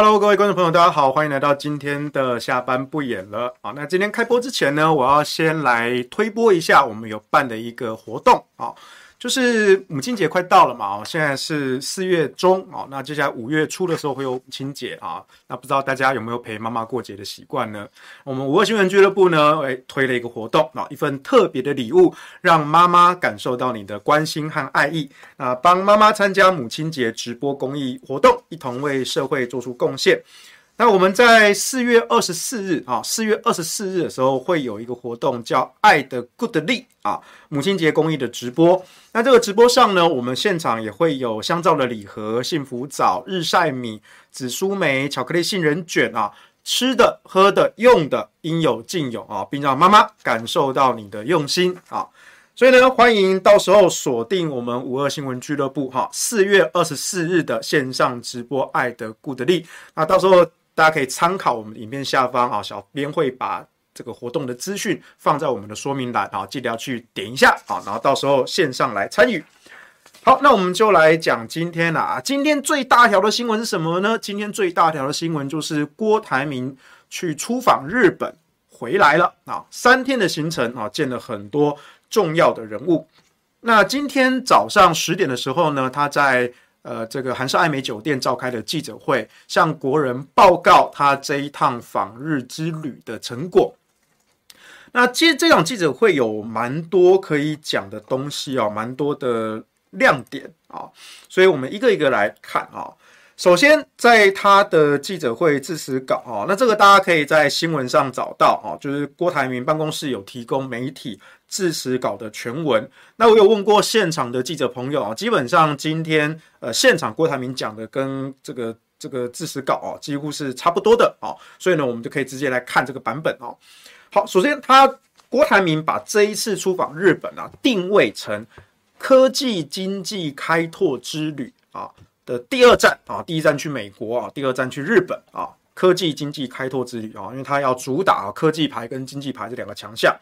Hello，各位觀眾朋友，大家好，歡迎來到今天的下班不演了。好，那今天開播之前呢，我要先來推播一下我們有辦的一個活動啊。就是母親節快到了嘛，現在是四月中，那接下來五月初的時候會有母親節啊，那不知道大家有沒有陪媽媽過節的習慣呢？我們五二新聞聚樂部呢，推了一個活動，啊，一份特別的禮物，讓媽媽感受到你的關心和愛意，啊，幫媽媽參加母親節直播公益活動，一同為社會做出貢獻。那我們在四月二十四日啊，四月二十四日的時候會有一個活動，叫“愛的 Good 力”啊，母親節公益的直播。那這個直播上呢，我們現場也會有香皂的禮盒、幸福棗、日曬米、紫蘇梅、巧克力杏仁卷啊，吃的、喝的、用的，應有盡有啊，並讓媽媽感受到你的用心啊。所以呢，歡迎到時候鎖定我們五二新聞聚樂部哈，四月二十四日的線上直播“愛的 Good 力”。那到時候。大家可以參考我們影片下方啊，小編會把這個活動的資訊放在我們的說明欄啊，然後記得要去點一下啊，然後到時候線上來參與。好，那我們就來講今天了啊，今天最大條的新聞是什麼呢？今天最大條的新聞就是郭台銘去出訪日本回來了啊，三天的行程啊，見了很多重要的人物。那今天早上十點的時候呢，他在呃，這個寒舍艾美酒店召開的記者會，向國人報告他這一趟訪日之旅的成果。那其實這場記者會有蠻多可以講的東西啊，蠻多的亮點啊，所以我們一個一個來看啊。首先，在他的記者會致詞稿啊，那這個大家可以在新聞上找到啊，就是郭台銘辦公室有提供媒體致詞稿的全文。那我有問過現場的記者朋友啊，基本上今天呃現場郭台銘講的跟這個這個致詞稿啊，幾乎是差不多的啊，所以呢，我們就可以直接來看這個版本啊。好，首先他郭台銘把這一次出訪日本啊定位成科技經濟開拓之旅啊。的第二站啊，第一站去美國啊，第二站去日本啊，科技經濟開拓之旅啊，因為他要主打科技牌跟經濟牌這兩個強項。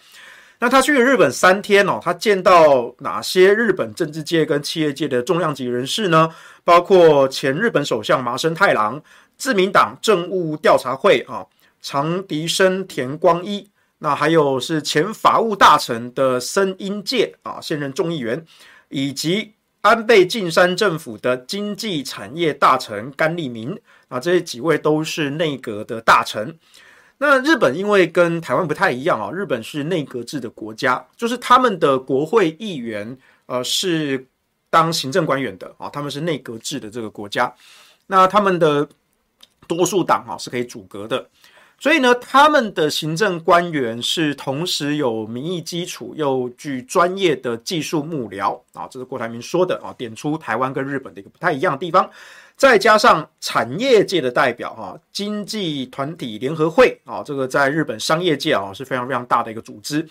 那他去了日本三天哦，他見到哪些日本政治界跟企業界的重量級人士呢？包括前日本首相麻生太郎、自民黨政務調查會啊長萩生田光一，那還有是前法務大臣的森英介啊，現任眾議員，以及。安倍晉三政府的經濟產業大臣甘利明啊，這幾位都是內閣的大臣。那日本因為跟台灣不太一樣啊，日本是內閣制的國家，就是他們的國會議員呃是當行政官員的啊，他們是內閣制的這個國家。那他們的多數黨哈，啊，是可以組閣的。所以呢，他們的行政官員是同時有民意基礎，又具專業的技術幕僚啊，這是郭台銘說的啊，點出台灣跟日本的一個不太一樣的地方。再加上產業界的代表哈、啊，經濟團體聯合會啊，這個在日本商業界啊是非常非常大的一個組織。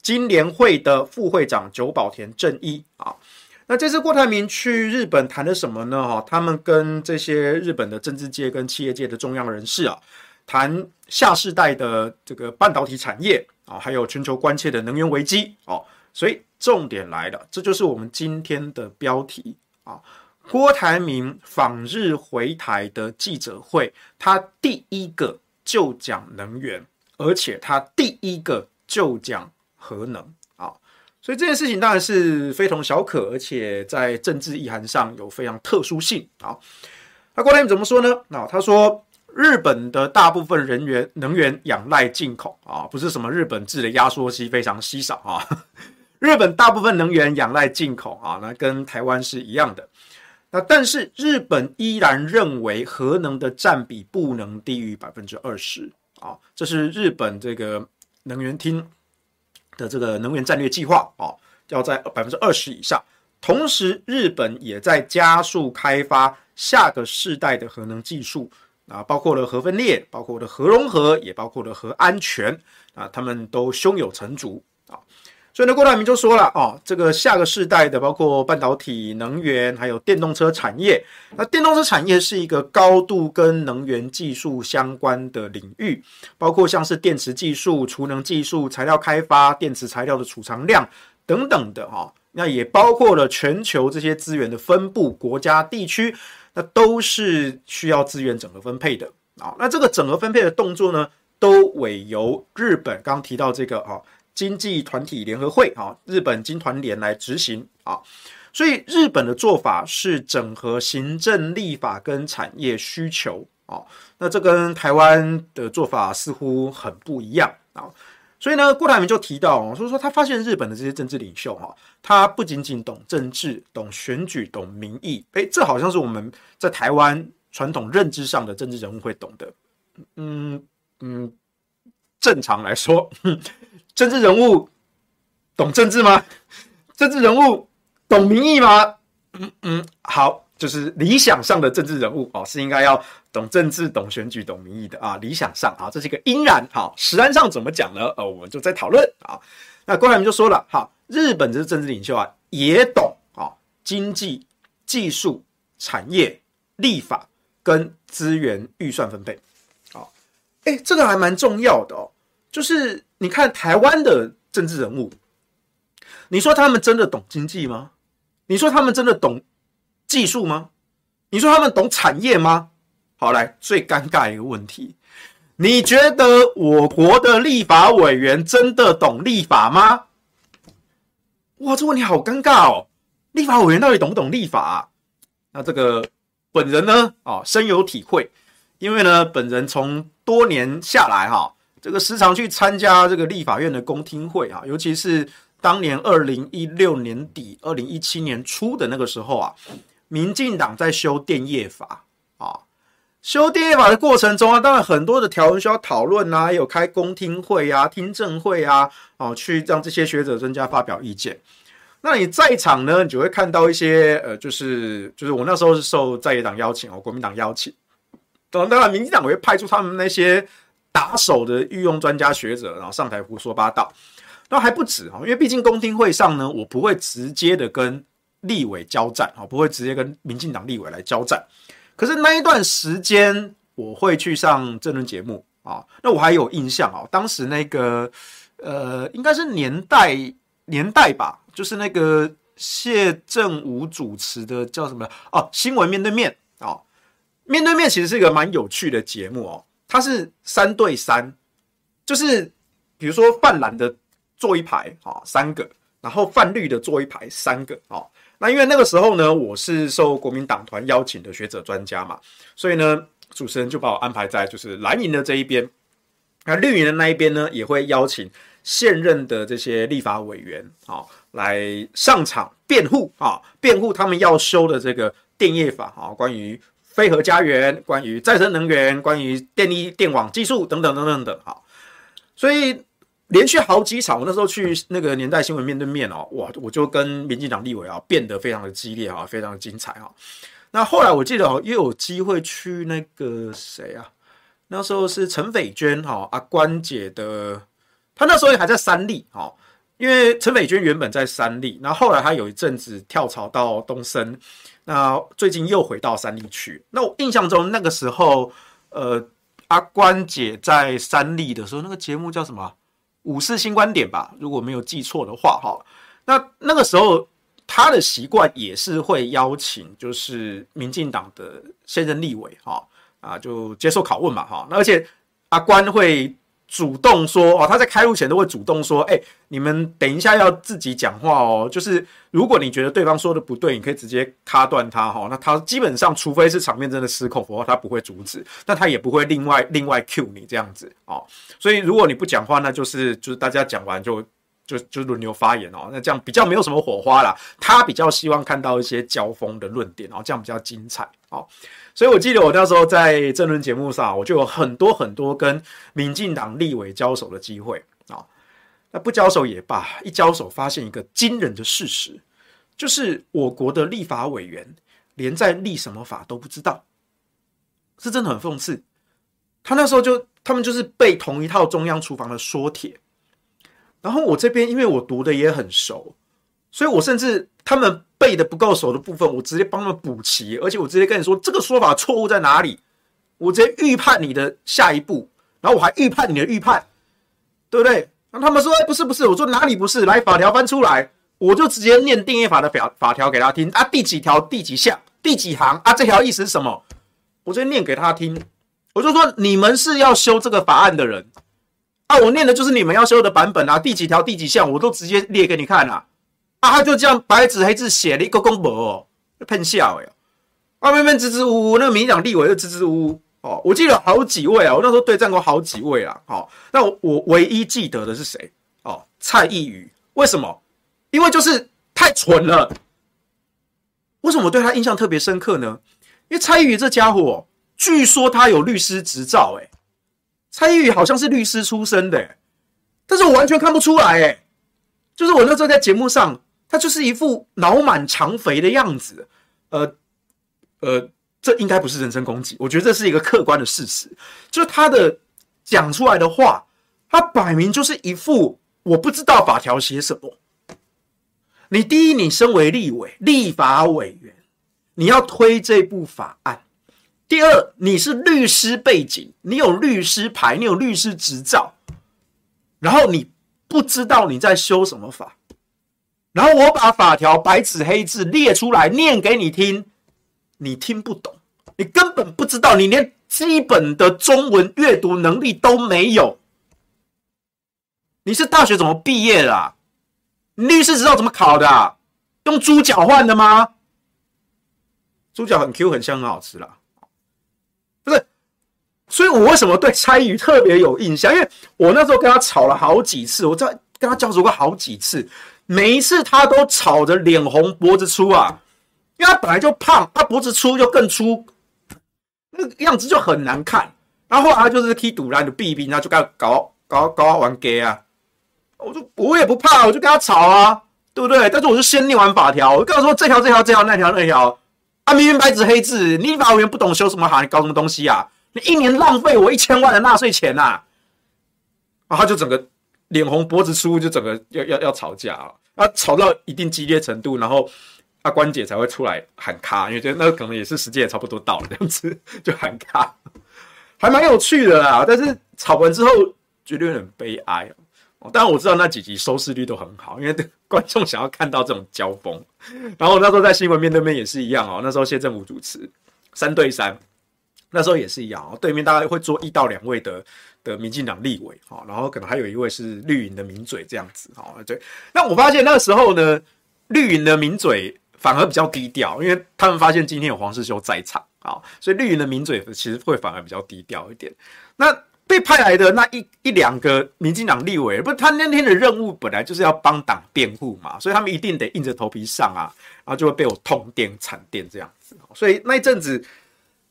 金聯會的副會長久保田正一啊，那這次郭台銘去日本談了什麼呢？哈、啊，他們跟這些日本的政治界跟企業界的中央人士啊。談下世代的這個半導體產業啊、哦，還有全球關切的能源危機哦，所以重點來了，這就是我們今天的標題啊、哦。郭台銘訪日回台的記者會，他第一個就講能源，而且他第一個就講核能啊、哦，所以這件事情當然是非同小可，而且在政治意涵上有非常特殊性啊、哦。那郭台銘怎麼說呢？那、哦、他說。日本的大部分人員能源仰賴進口啊，不是什麼日本製的壓縮機非常稀少啊。日本大部分能源仰賴進口啊，那跟台灣是一樣的。那但是日本依然認為核能的佔比不能低於百分之二十啊，這是日本這個能源廳的這個能源戰略計劃啊，要在百分之二十以上。同時，日本也在加速開發下個世代的核能技術。啊，包括了核分裂，包括了核融合，也包括了核安全啊，他們都胸有成竹啊。所以呢，郭台銘就說了，哦，這個下個世代的，包括半導體、能源，還有電動車產業。那電動車產業是一個高度跟能源技術相關的領域，包括像是電池技術、儲能技術、材料開發、電池材料的儲藏量等等的哈、哦。那也包括了全球這些資源的分布、國家、地區。那都是需要資源整合分配的啊，那這個整合分配的動作呢，都委由日本，剛剛提到這個啊經濟團體聯合會啊，日本經團聯來執行啊，所以日本的做法是整合行政、立法跟產業需求啊，那這跟台灣的做法似乎很不一樣啊。所以呢，郭台銘就提到，所、就、說、是、說他發現日本的這些政治領袖，哈，他不僅僅懂政治、懂選舉、懂民意，誒、欸，這好像是我們在台灣傳統認知上的政治人物會懂的。嗯嗯，正常來說，政治人物懂政治嗎？政治人物懂民意嗎？嗯嗯，好。就是理想上的政治人物哦，是應該要懂政治、懂選舉、懂民意的啊。理想上啊，這是一個應然。好、啊，實際上怎麼講呢？呃、啊，我們就再討論啊。那郭台銘就說了，好、啊，日本的政治領袖啊也懂啊，經濟、技術、產業、立法跟資源預算分配。好、啊，誒、欸，這個還蠻重要的哦。就是你看台灣的政治人物，你說他們真的懂經濟嗎？你說他們真的懂？技術嗎？你說他們懂產業嗎？好來，最尷尬的一個問題，你覺得我國的立法委員真的懂立法嗎？哇，這問題好尷尬哦！立法委員到底懂不懂立法啊？那這個本人呢？啊，深有體會，因為呢，本人從多年下來哈，這個時常去參加這個立法院的公聽會啊，尤其是當年二零一六年底、二零一七年初的那個時候啊。民進黨在修電業法啊、哦，修電業法的過程中啊，當然很多的條文需要討論啊，有開公聽會啊、聽證會啊，哦、去讓這些學者專家發表意見。那你在場呢，你就會看到一些，呃，就是就是我那時候是受在野黨邀請，我、哦、國民黨邀請，當然民進黨也會派出他們那些打手的御用專家學者，然後上台胡說八道。那還不止，因為畢竟公聽會上呢，我不會直接的跟。立委交戰啊，不會直接跟民進黨立委來交戰。可是那一段時間，我會去上政論節目啊。那我還有印象哦、啊，當時那個呃，應該是年代年代吧，就是那個謝震武主持的叫什麼？哦、啊，新聞面對面、啊、面對面其實是一個蠻有趣的節目哦、啊。它是三對三，就是比如說泛藍的坐一排啊，三個，然後泛綠的坐一排三個、啊那因為那個時候呢，我是受國民黨團邀請的學者專家嘛，所以呢，主持人就把我安排在就是藍營的這一邊。那綠營的那一邊呢，也會邀請現任的這些立法委員啊、哦、來上場辯護啊，辯、哦、護他們要修的這個電業法啊、哦，關於非核家園、關於再生能源、關於電力電網技術等等等等等等。好、哦，所以。連續好幾場，我那時候去那個年代新聞面對面哦、喔，哇，我就跟民進黨立委啊、喔、變得非常的激烈啊、喔，非常的精彩啊、喔。那後來我記得又、喔、有機會去那個誰啊，那時候是陳斐娟哈，阿關姐的，她那時候還在三立哦、喔，因為陳斐娟原本在三立，然後後來她有一陣子跳槽到東森，那最近又回到三立去。那我印象中那個時候，呃，阿關姐在三立的時候，那個節目叫什麼？五四新觀點吧，如果沒有記錯的話，哈，那那個時候他的習慣也是會邀請，就是民進黨的現任立委，哈啊，就接受拷問嘛，哈，而且阿關會。主動說哦，他在開路前都會主動說，哎、欸，你們等一下要自己講話哦。就是如果你覺得對方說的不對，你可以直接卡斷他哈、哦。那他基本上，除非是場面真的失控，否則他不會阻止。但他也不會另外另外 cue 你這樣子哦，所以如果你不講話，那就是就是大家講完就就就輪流發言哦。那這樣比較沒有什麼火花啦，他比較希望看到一些交鋒的論點，哦。這樣比較精彩哦。所以，我記得我那時候在政論節目上，我就有很多很多跟民進黨立委交手的機會啊。那不交手也罷，一交手發現一個驚人的事實，就是我國的立法委員連在立什麼法都不知道，是真的很諷刺。他那時候就他們就是背同一套中央廚房的說帖，然後我這邊因為我讀的也很熟，所以我甚至。他們背的不夠熟的部分，我直接幫他們補齊，而且我直接跟你說這個說法錯誤在哪裡？我直接預判你的下一步，然後我還預判你的預判，對不對？那他們說，哎、欸，不是不是，我說哪裡不是？來法條翻出來，我就直接念定義法的法法條給他聽啊，第，第幾條、第幾項、第幾行啊，這條意思是什麼？我直接念給他聽，我就說你們是要修這個法案的人啊，我念的就是你們要修的版本啊，第幾條、第幾項，我都直接列給你看啊。啊，他就這樣白紙黑字寫了一個公文哦，就噴笑了。啊，那邊支支吾吾，那個民進黨立委又支支吾吾哦。我記得好幾位啊，我那時候對戰過好幾位啊。好、哦，那我我唯一記得的是誰哦？蔡易餘？為什麼？因為就是太蠢了。為什麼我對他印象特別深刻呢？因為蔡易餘這家伙，據說他有律師執照哎、欸，蔡易餘好像是律師出身的、欸，但是我完全看不出來誒、欸、就是我那時候在節目上。他就是一副腦滿腸肥的樣子，呃，呃，這應該不是人身攻擊，我覺得這是一個客觀的事實，就他的講出來的話，他擺明就是一副我不知道法條寫什麼。你第一，你身為立委、立法委員，你要推這部法案；第二，你是律師背景，你有律師牌，你有律師執照，然後你不知道你在修什麼法。然後我把法條白紙黑字列出來念給你聽，你聽不懂，你根本不知道，你連基本的中文閱讀能力都沒有。你是大學怎麼畢業的啊？你律師執照怎麼考的？啊？用豬腳換的嗎？豬腳很 Q 很香很好吃啦，不是？所以我為什麼對猜魚特別有印象？因為我那時候跟他吵了好幾次，我在跟他交手過好幾次。每一次他都吵着臉紅脖子粗啊，因為他本來就胖，他脖子粗就更粗，那個樣子就很難看。然後後來他就是踢賭啦，你逼逼，然後就跟他搞搞搞，搞他玩 gay 啊。我就，我也不怕，我就跟他吵啊，對不對？但是我就先念完法條，我跟他說這條這條這條那條那條，他明、啊、明白紙黑字，你法務員不懂修什麼函，你搞什麼東西啊？你一年浪費我一千萬的納稅錢吶、啊！後、啊、他就整個臉紅脖子粗，就整個要要要吵架了。啊，吵到一定激烈程度，然後，啊，關姐才會出來喊卡，因為覺得那個可能也是時間也差不多到了，這樣子就喊卡，還蠻有趣的啦。但是吵完之後，絕對很悲哀哦。當然我知道那幾集收視率都很好，因為觀眾想要看到這種交鋒。然後那時候在新聞面對面也是一樣哦，那時候謝震武主持三對三，那時候也是一樣哦，對面大概會坐一到兩位的的民進黨立委，哈，然後可能還有一位是綠營的名嘴這樣子，哈，對。那我發現那時候呢，綠營的名嘴反而比較低調，因為他們發現今天有黃士修在場，啊，所以綠營的名嘴其實會反而比較低調一點。那被派來的那一一兩個民進黨立委，不是他那天的任務本來就是要幫黨辯護嘛，所以他們一定得硬着頭皮上啊，然後就會被我痛電慘電這樣子，所以那一陣子。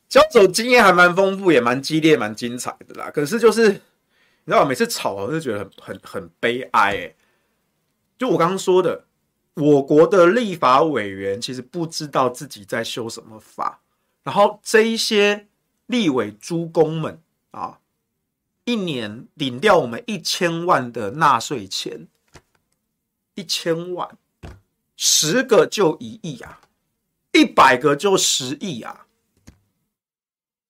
交手經驗還蠻豐富，也蠻激烈，蠻精彩的啦。可是就是你知道嗎？我每次吵，我就覺得很很很悲哀，欸。就我剛剛說的，我國的立法委員其實不知道自己在修什麼法。然後這一些立委諸公們啊，一年領掉我們一千萬的納稅錢，一千萬，十個就一億啊，一百個就十億啊。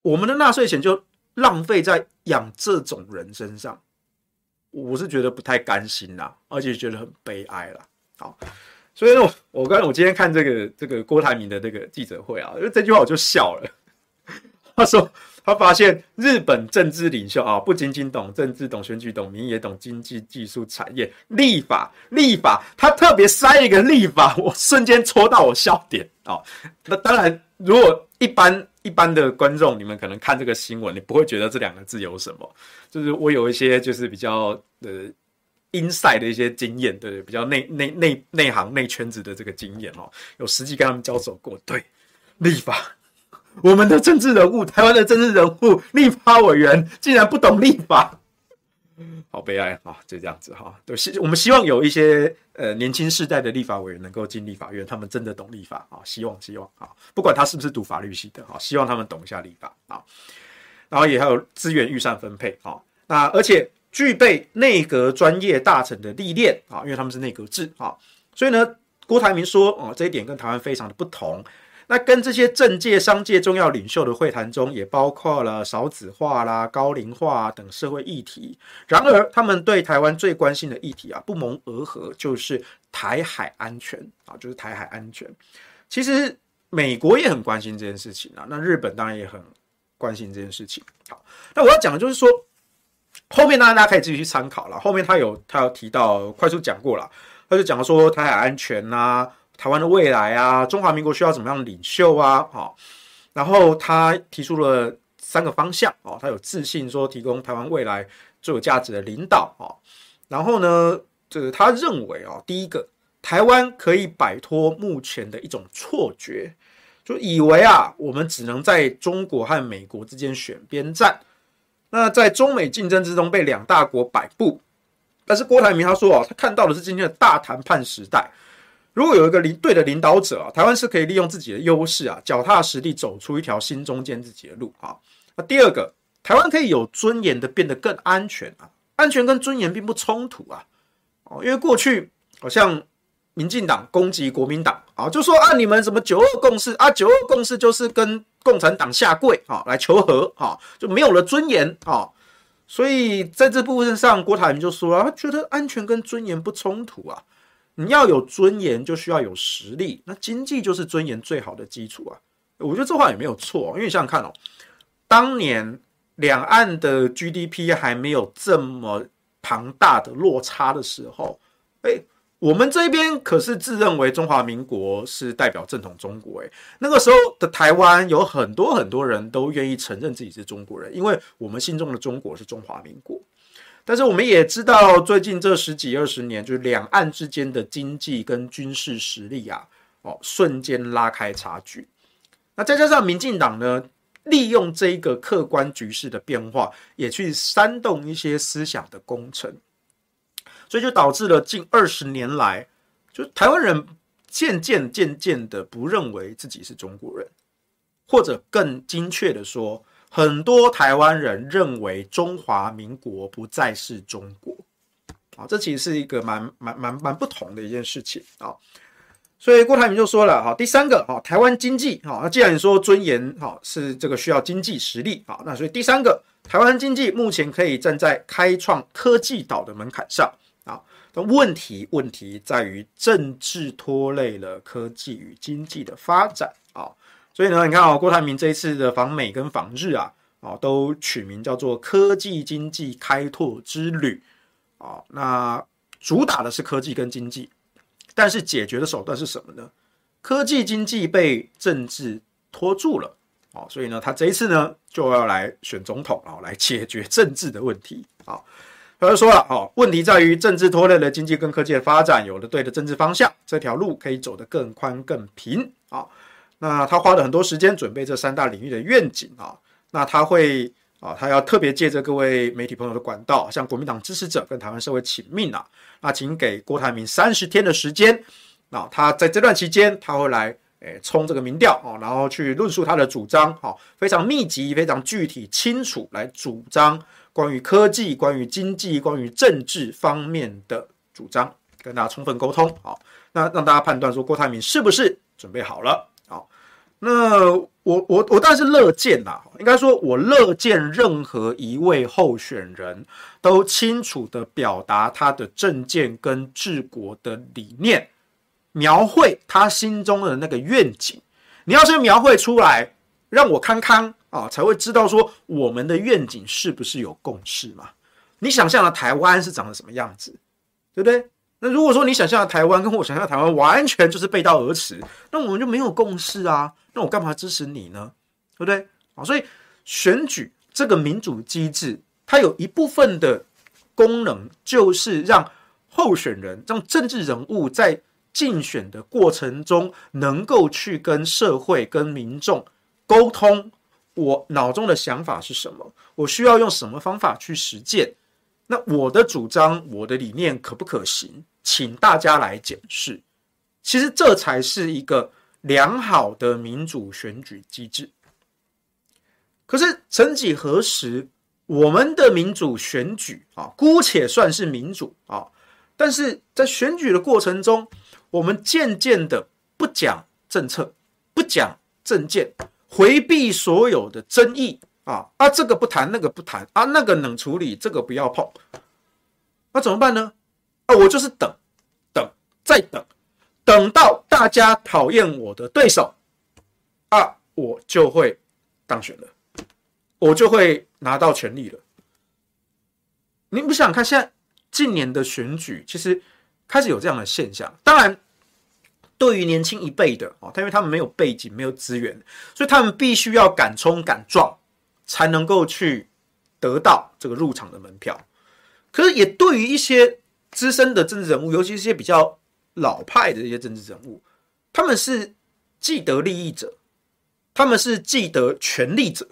我們的納稅錢就浪費在養這種人身上，我是覺得不太甘心啦，而且覺得很悲哀啦。好，所以我我剛才我今天看這個這個郭台銘的那個記者會啊，因為這句話我就笑了。他說。他發現日本政治領袖啊，不僅僅懂政治、懂選舉、懂民意，也懂經濟、技術、產業、立法、立法。他特別塞一個立法，我瞬間戳到我笑點啊！那當然，如果一般一般的觀眾，你們可能看這個新聞，你不會覺得這兩個字有什麼。就是我有一些就是比較呃 inside 的一些經驗，對對，比較內內內行內圈子的這個經驗哦、啊，有實際跟他們交手過。對，立法。我們的政治人物，台灣的政治人物，立法委員竟然不懂立法，好悲哀啊！就這樣子哈，對，希我們希望有一些呃年輕世代的立法委員能夠進立法院，他們真的懂立法啊！希望希望啊，不管他是不是讀法律系的，希望他們懂一下立法啊。然後也還有資源預算分配，那而且具備內閣專業大臣的歷練啊，因為他們是內閣制啊，所以呢，郭台銘說啊，這一點跟台灣非常的不同。那跟這些政界、商界重要領袖的會談中，也包括了少子化啦、高齡化、啊、等社會議題。然而，他們對台灣最關心的議題啊，不謀而合，就是台海安全啊，就是台海安全。其實，美國也很關心這件事情啊。那日本當然也很關心這件事情。好，那我要講的就是說，後面當然大家可以自己去參考了。後面他有他有提到，快速講過了，他就講了說台海安全啊。台灣的未來啊，中華民國需要怎麼樣的領袖啊？好，哦，然後他提出了三個方向哦，他有自信說提供台灣未來最有價值的領導哦，然後呢，就，這個，他認為啊，哦，第一個，台灣可以擺脫目前的一種錯覺，就以為啊，我們只能在中國和美國之間選邊站，那在中美競爭之中被兩大國擺布。但是郭台銘他說哦，他看到的是今天的大談判時代。如果有一個領對的領導者，啊、台灣是可以利用自己的優勢啊，腳踏實地走出一條新中間自己的路哈，那，啊啊、第二個，台灣可以有尊嚴的變得更安全啊，安全跟尊嚴並不衝突啊。哦，啊，因為過去好像民進黨攻擊國民黨啊，就說按、啊、你們什麼九二共識啊，九二共識就是跟共產黨下跪啊，來求和啊，就沒有了尊嚴啊。所以在這部分上，郭台銘就說啊，他覺得安全跟尊嚴不衝突啊。你要有尊嚴，就需要有實力。那經濟就是尊嚴最好的基礎啊！我覺得這話也沒有錯、哦，因為你想想看哦，當年兩岸的 GDP 還沒有這麼龐大的落差的時候，誒，我們這邊可是自認為中華民國是代表正統中國。誒，那個時候的台灣有很多很多人都願意承認自己是中國人，因為我們心中的中國是中華民國。但是我們也知道，最近這十幾二十年，就是兩岸之間的經濟跟軍事實力啊，哦，瞬間拉開差距。那再加上民進黨呢，利用這一個客觀局勢的變化，也去煽動一些思想的工程，所以就導致了近二十年來，就台灣人漸漸漸漸的不認為自己是中國人，或者更精確的說。很多台灣人認為中華民國不再是中國，啊，這其實是一個蠻蠻蠻蠻不同的一件事情啊。所以郭台銘就說了，哈，第三個，哈，台灣經濟，哈，那既然你說尊嚴，哈，是這個需要經濟實力，哈，那所以第三個，台灣經濟目前可以站在開創科技島的門檻上，啊，那問題問題在於政治拖累了科技與經濟的發展。所以呢，你看啊、哦，郭台銘這一次的訪美跟訪日啊，哦，都取名叫做“科技經濟開拓之旅”，啊、哦，那主打的是科技跟經濟，但是解決的手段是什麼呢？科技經濟被政治拖住了，哦，所以呢，他這一次呢就要來選總統啊、哦，來解決政治的問題啊、哦。他就說了，哦，問題在於政治拖累了經濟跟科技的發展，有了對的政治方向，這條路可以走得更寬更平。那他花了很多時間準備這三大領域的願景啊，那他會啊，他要特別借着各位媒體朋友的管道，向國民黨支持者跟台灣社會請命啊。那請給郭台銘三十天的時間，那、啊、他在這段期間他會來誒、呃、衝這個民調哦、啊，然後去論述他的主張，好、啊，非常密集、非常具體、清楚來主張關於科技、關於經濟、關於政治方面的主張，跟大家充分溝通，好、啊，那讓大家判斷說郭台銘是不是準備好了。那我我我當然是樂見啦、啊，應該說，我樂見任何一位候選人都清楚地表達他的政見跟治國的理念，描繪他心中的那個願景。你要先描繪出來，讓我看看啊、哦，才會知道說我們的願景是不是有共識嘛？你想象的台灣是長得什麼樣子，對不對？那如果說你想象的台灣跟我想象的台灣完全就是背道而馳，那我們就沒有共識啊！那我幹嘛支持你呢？對不對啊？所以選舉這個民主機制，它有一部分的功能就是讓候選人、讓政治人物在競選的過程中，能夠去跟社會、跟民眾溝通，我腦中的想法是什麼？我需要用什麼方法去實踐？那我的主張，我的理念可不可行？請大家來檢視。其實這才是一個良好的民主選舉機制。可是曾幾何時，我們的民主選舉啊，姑且算是民主啊，但是在選舉的過程中，我們漸漸的不講政策，不講政見，回避所有的爭議。啊啊，這個不談，那個不談啊，那個冷處理，這個不要碰。那、啊、怎麼辦呢？啊，我就是等，等再等，等到大家討厭我的對手啊，我就會當選了，我就會拿到權力了。您不想看現在近年的選舉，其實開始有這樣的現象。當然，對於年輕一輩的啊，因為他們沒有背景，沒有資源，所以他們必須要敢衝敢撞，才能夠去得到這個入場的門票，可是也對於一些資深的政治人物，尤其是一些比較老派的一些政治人物，他們是既得利益者，他們是既得權力者，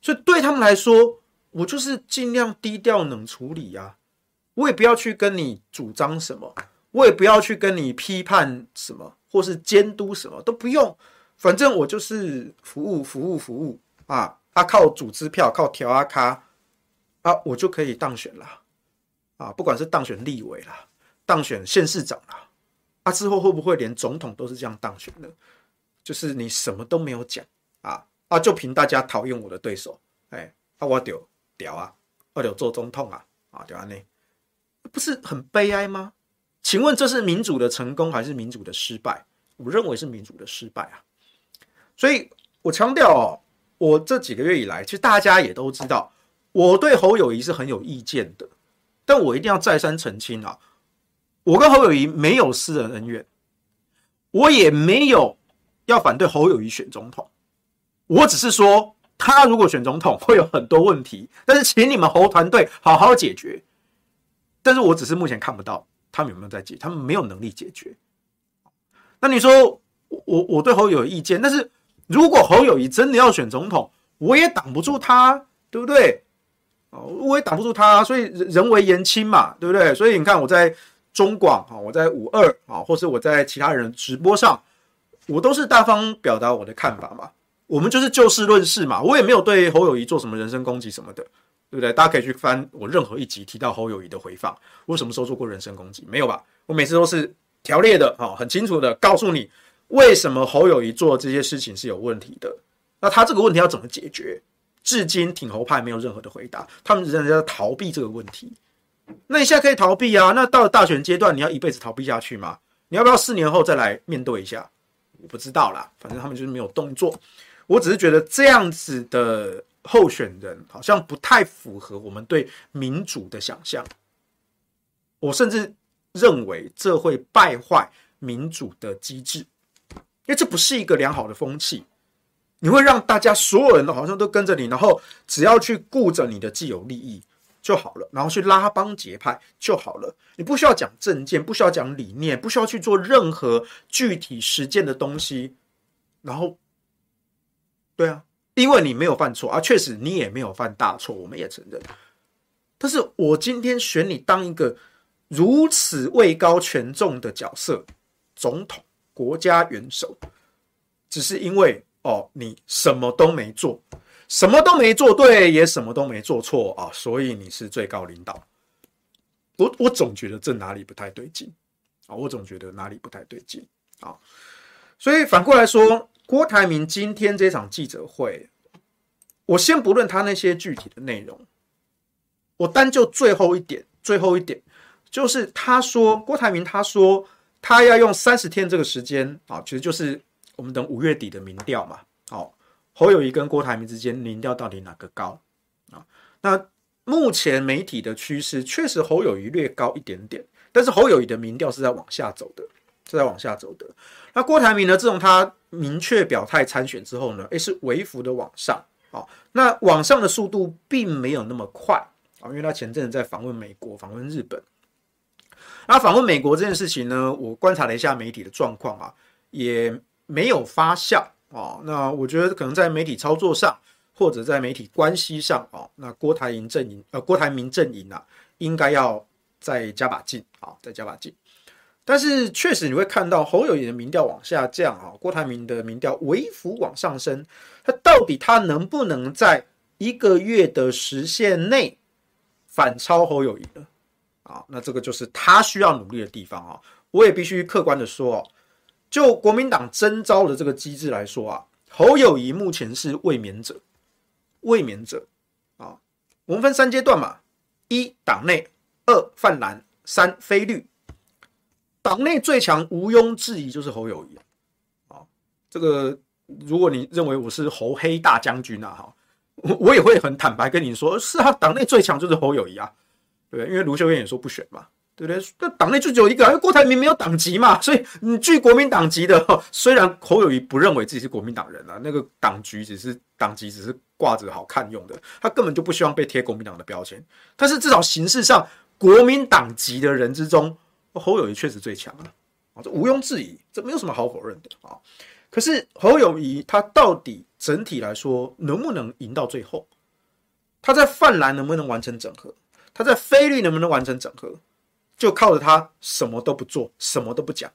所以對他們來說，我就是儘量低調冷處理呀、啊，我也不要去跟你主張什麼，我也不要去跟你批判什麼，或是監督什麼，都不用，反正我就是服務服務服務啊。他、啊、靠組織票，靠調阿、啊、卡啊，我就可以當選了啊！不管是當選立委了，當選縣市長了，他、啊、之後會不會連總統都是這樣當選的？就是你什麼都沒有講啊啊，就憑大家討厭我的對手，哎、欸，啊我就就啊，我就做總統啊啊就按呢，不是很悲哀嗎？請問這是民主的成功還是民主的失敗？我認為是民主的失敗啊！所以我強調哦。我這幾個月以來，其實大家也都知道，我對侯友宜是很有意見的。但我一定要再三澄清啊，我跟侯友宜沒有私人恩怨，我也沒有要反對侯友宜選總統。我只是說，他如果選總統會有很多問題，但是請你們侯團隊好好解決。但是我只是目前看不到他們有沒有在解決，他們沒有能力解決。那你說我，我我對侯友宜有意見，但是。如果侯友宜真的要選總統，我也擋不住他，對不對？哦，我也擋不住他，所以人微言輕嘛，對不對？所以你看我，我在中廣啊，我在五二啊，或是我在其他人直播上，我都是大方表達我的看法嘛。我們就是就事論事嘛，我也沒有對侯友宜做什麼人身攻擊什麼的，對不對？大家可以去翻我任何一集提到侯友宜的回放，我什麼時候做過人身攻擊？沒有吧？我每次都是條列的，哦，很清楚的告訴你。為什麼侯友宜做的這些事情是有問題的？那他這個問題要怎麼解決？至今挺侯派沒有任何的回答，他們仍然在逃避這個問題。那你現在可以逃避啊？那到了大選階段，你要一輩子逃避下去嗎？你要不要四年後再來面對一下？我不知道啦，反正他們就是沒有動作。我只是覺得這樣子的候選人好像不太符合我們對民主的想象。我甚至認為這會敗壞民主的機制。因為這不是一個良好的風氣，你會讓大家所有人都好像都跟着你，然後只要去顧着你的既有利益就好了，然後去拉幫結派就好了，你不需要講政見，不需要講理念，不需要去做任何具體實踐的東西，然後，對啊，因為你沒有犯錯啊，確實你也沒有犯大錯，我們也承認，但是我今天選你當一個如此位高權重的角色，總統。國家元首，只是因為哦，你什麼都沒做，什麼都沒做對，也什麼都沒做錯啊、哦，所以你是最高領導。我我總覺得這哪裡不太對勁啊、哦，我總覺得哪裡不太對勁啊、哦。所以反過來說，郭台銘今天這場記者會，我先不論他那些具體的內容，我單就最後一點，最後一點就是他說郭台銘他說。他要用三十天這個時間啊，其實就是我們等五月底的民調嘛。好，侯友宜跟郭台銘之間民調到底哪個高啊？那目前媒體的趨勢確實侯友宜略高一點點，但是侯友宜的民調是在往下走的，是在往下走的。那郭台銘呢？自從他明確表態參選之後呢，欸，是微幅的往上啊。那往上的速度並沒有那麼快啊，因為他前陣子在訪問美國，訪問日本。那訪問美國這件事情呢？我觀察了一下媒體的狀況啊，也沒有發酵啊、哦。那我覺得可能在媒體操作上，或者在媒體關係上啊、哦，那郭台銘陣營呃郭台銘陣營啊應該要再加把勁啊、哦，再加把勁。但是確實你會看到侯友宜的民調往下降啊，郭台銘的民調微幅往上升。他到底他能不能在一個月的時限內反超侯友宜呢？啊、哦，那這個就是他需要努力的地方啊、哦！我也必須客觀的說、哦，就國民黨徵召的這個機制來說啊，侯友宜目前是衛冕者，衛冕者啊、哦。我們分三階段嘛：一黨內，二泛藍，三非綠。黨內最強毋庸置疑就是侯友宜啊、哦！這個如果你認為我是侯黑大將軍啊，哦、我我也會很坦白跟你說，是啊，黨內最強就是侯友宜啊。對，對，因為盧秀燕也說不選嘛，對不對？那黨內就只有一個、啊，因為郭台銘沒有黨籍嘛，所以你具國民黨籍的，雖然侯友宜不認為自己是國民黨人啊，那個黨籍只是黨籍只是掛着好看用的，他根本就不希望被貼國民黨的標籤。但是至少形式上，國民黨籍的人之中，侯友宜確實最強啊，啊，這毋庸置疑，這沒有什麼好否認的啊、哦。可是侯友宜他到底整體來說能不能贏到最後？他在泛藍能不能完成整合？他在菲律能不能完成整合，就靠着他什麼都不做，什麼都不講，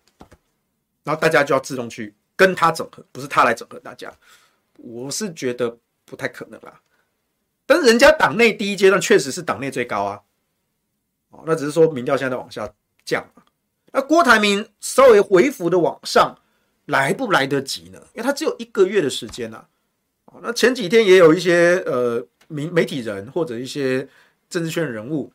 然後大家就要自動去跟他整合，不是他來整合大家。我是覺得不太可能啦。但是人家黨內第一階段確實是黨內最高啊。哦，那只是說民調現在在往下降啊。那郭台銘稍微回復的往上來不來得及呢？因為他只有一個月的時間啊。哦，那前幾天也有一些呃民媒體人或者一些。政治圈人物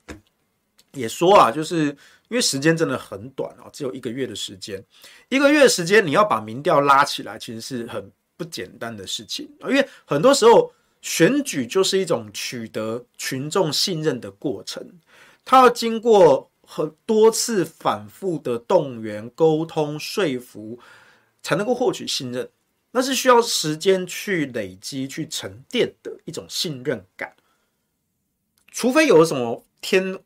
也說啊，就是因為時間真的很短啊，只有一個月的時間。一個月的時間，你要把民調拉起來，其實是很不簡單的事情。因為很多時候，選舉就是一種取得群眾信任的過程，他要經過很多次反複的動員、溝通、說服，才能夠獲取信任。那是需要時間去累積、去沉澱的一種信任感。除非有什麼天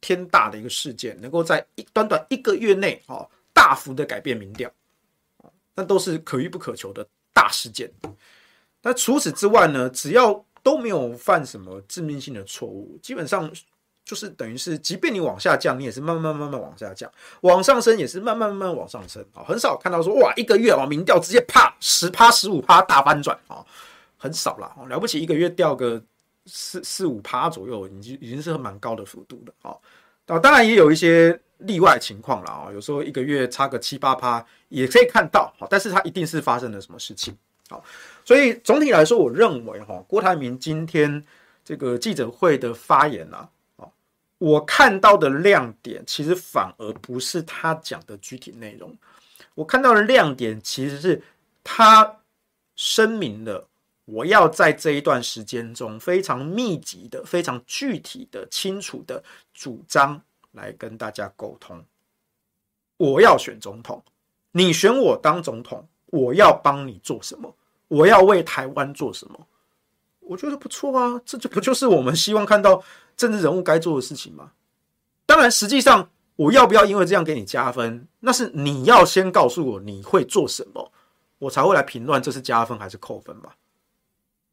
天大的一個事件，能夠在一短短一個月內啊、哦、大幅的改變民調、哦，那都是可遇不可求的大事件。那除此之外呢，只要都沒有犯什麼致命性的錯誤，基本上就是等於是，即便你往下降，你也是慢慢慢慢往下降；往上升也是慢慢慢慢往上升啊、哦，很少看到說哇一個月啊民調直接啪十趴十五趴大翻轉啊、哦，很少啦、哦，了不起一個月掉個。四四五趴左右，已經已經是蠻高的幅度了哦，當然也有一些例外情況了啊、哦，有時候一個月差個七八趴也可以看到哈、哦，但是它一定是發生了什麼事情啊、哦！所以總體來說，我認為哈、哦，郭台銘今天這個記者會的發言啊、哦，我看到的亮點其實反而不是他講的具體內容，我看到的亮點其實是他聲明了。我要在這一段時間中非常密集的、非常具體的、清楚的主張來跟大家溝通。我要選總統，你選我當總統，我要幫你做什麼？我要為台灣做什麼？我覺得不錯啊，這就不就是我們希望看到政治人物該做的事情嗎？當然，實際上我要不要因為這樣給你加分，那是你要先告訴我你會做什麼，我才會來評論這是加分還是扣分吧。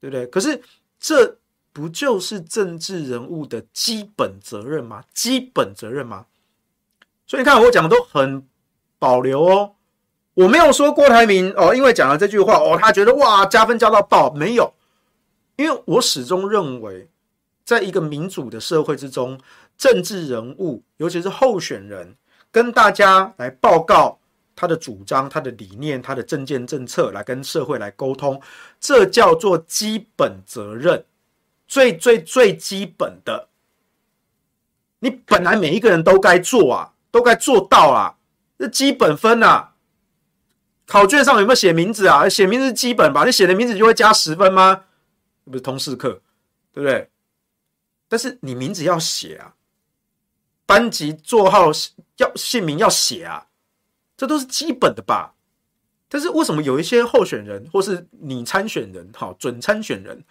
對不對？可是這不就是政治人物的基本責任嗎？基本責任嗎？所以你看，我講的都很保留哦，我沒有說郭台銘哦，因為講了這句話哦，他覺得哇加分加到爆，沒有，因為我始終認為，在一個民主的社會之中，政治人物，尤其是候選人，跟大家來報告。他的主張、他的理念、他的政見、政策來跟社會來溝通，這叫做基本責任，最最最基本的，你本來每一個人都該做啊，都該做到啊，這基本分啊。考卷上有沒有寫名字啊？寫名字基本吧，你寫的名字就會加十分嗎？不是通識課，對不對？但是你名字要寫啊，班級座號要姓名要寫啊。這都是基本的吧，但是為什麼有一些候選人或是擬參選人、哈、哦、準參選人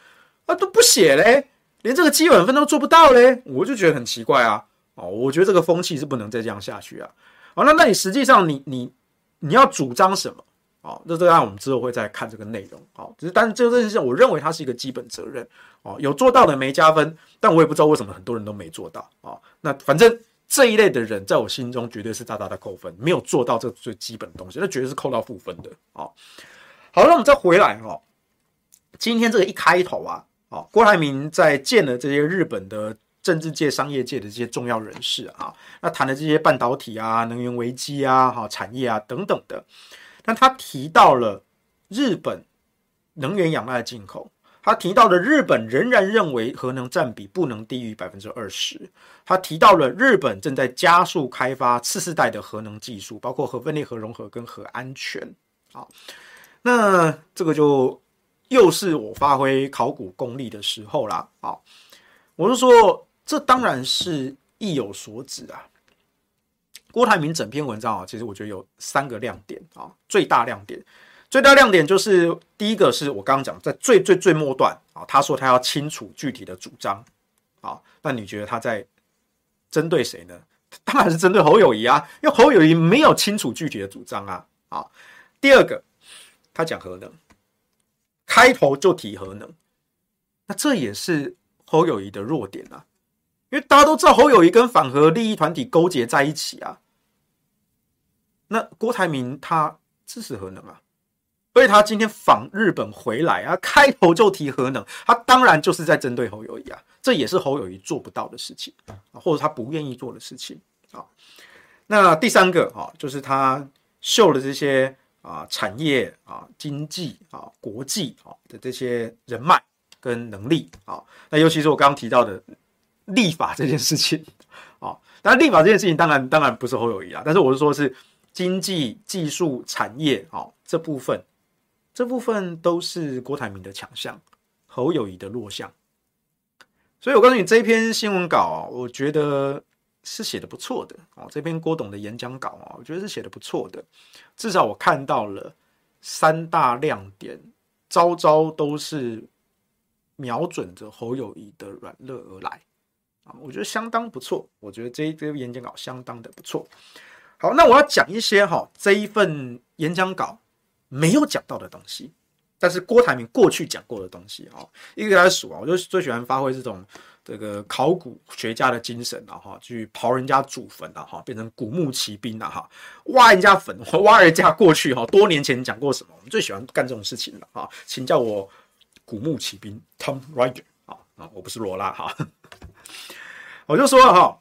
啊都不寫嘞？連這個基本分都做不到嘞？我就覺得很奇怪啊！哦，我覺得這個風氣是不能再這樣下去啊！好、哦，那那你實際上你你你要主張什麼啊、哦？那這個案我們之後會再看這個內容，好、哦，只是但是這件事上我認為它是一個基本責任哦，有做到的沒加分，但我也不知道為什麼很多人都沒做到哦，那反正。這一類的人，在我心中絕對是大大的扣分，沒有做到這最基本的東西，那絕對是扣到負分的哦。好，那我們再回來哈，今天這個一開頭啊，哦，郭台銘在見了這些日本的政治界、商業界的這些重要人士啊，那談了這些半導體啊、能源危機啊、哈產業啊等等的，那他提到了日本能源仰賴進口。他提到了日本仍然認為核能占比不能低於百分之二十。他提到了日本正在加速開發次世代的核能技術，包括核分裂、核融合跟核安全。好，那這個就又是我發揮考古功力的時候啦。好，我就說這當然是意有所指啊。郭台銘整篇文章啊，其實我覺得有三個亮點啊，最大亮點。最大亮點就是第一個是我剛剛講，在最最最末段啊、哦，他說他要清楚具體的主張啊、哦，那你覺得他在針對誰呢？當然是針對侯友宜啊，因為侯友宜沒有清楚具體的主張啊。啊、哦，第二個，他講核能，開頭就提核能，那這也是侯友宜的弱點啊，因為大家都知道侯友宜跟反核利益團體勾結在一起啊。那郭台銘他支持核能啊。所以他今天訪日本回來啊，開頭就提核能，他當然就是在針對侯友宜啊，這也是侯友宜做不到的事情啊，或者他不願意做的事情啊。那第三個啊，就是他秀了這些啊產業啊經濟啊國際啊的這些人脈跟能力啊，那尤其是我剛剛提到的立法這件事情啊，但立法這件事情當然當然不是侯友宜啊，但是我是說是經濟技術產業啊這部分。這部分都是郭台銘的強項，侯友宜的弱項，所以我告訴你這一篇新聞稿我覺得是寫的不錯的哦。這篇郭董的演講稿啊，我覺得是寫的不錯的，至少我看到了三大亮點，招招都是瞄準着侯友宜的軟肋而來啊，我覺得相當不錯。我覺得這一篇演講稿相當的不錯。好，那我要講一些哈，這一份演講稿沒有講到的東西，但是郭台銘過去講過的東西，哈，一個個來數啊，我就最喜歡發揮這種這個考古學家的精神啊，哈，去刨人家祖墳啊，哈，變成古墓奇兵啊，哈，挖人家墳，挖人家過去，哈，多年前講過什麼？我們最喜歡幹這種事情了，哈，請叫我古墓奇兵 Tomb Raider 啊，啊，我不是羅拉，哈，我就說了哈，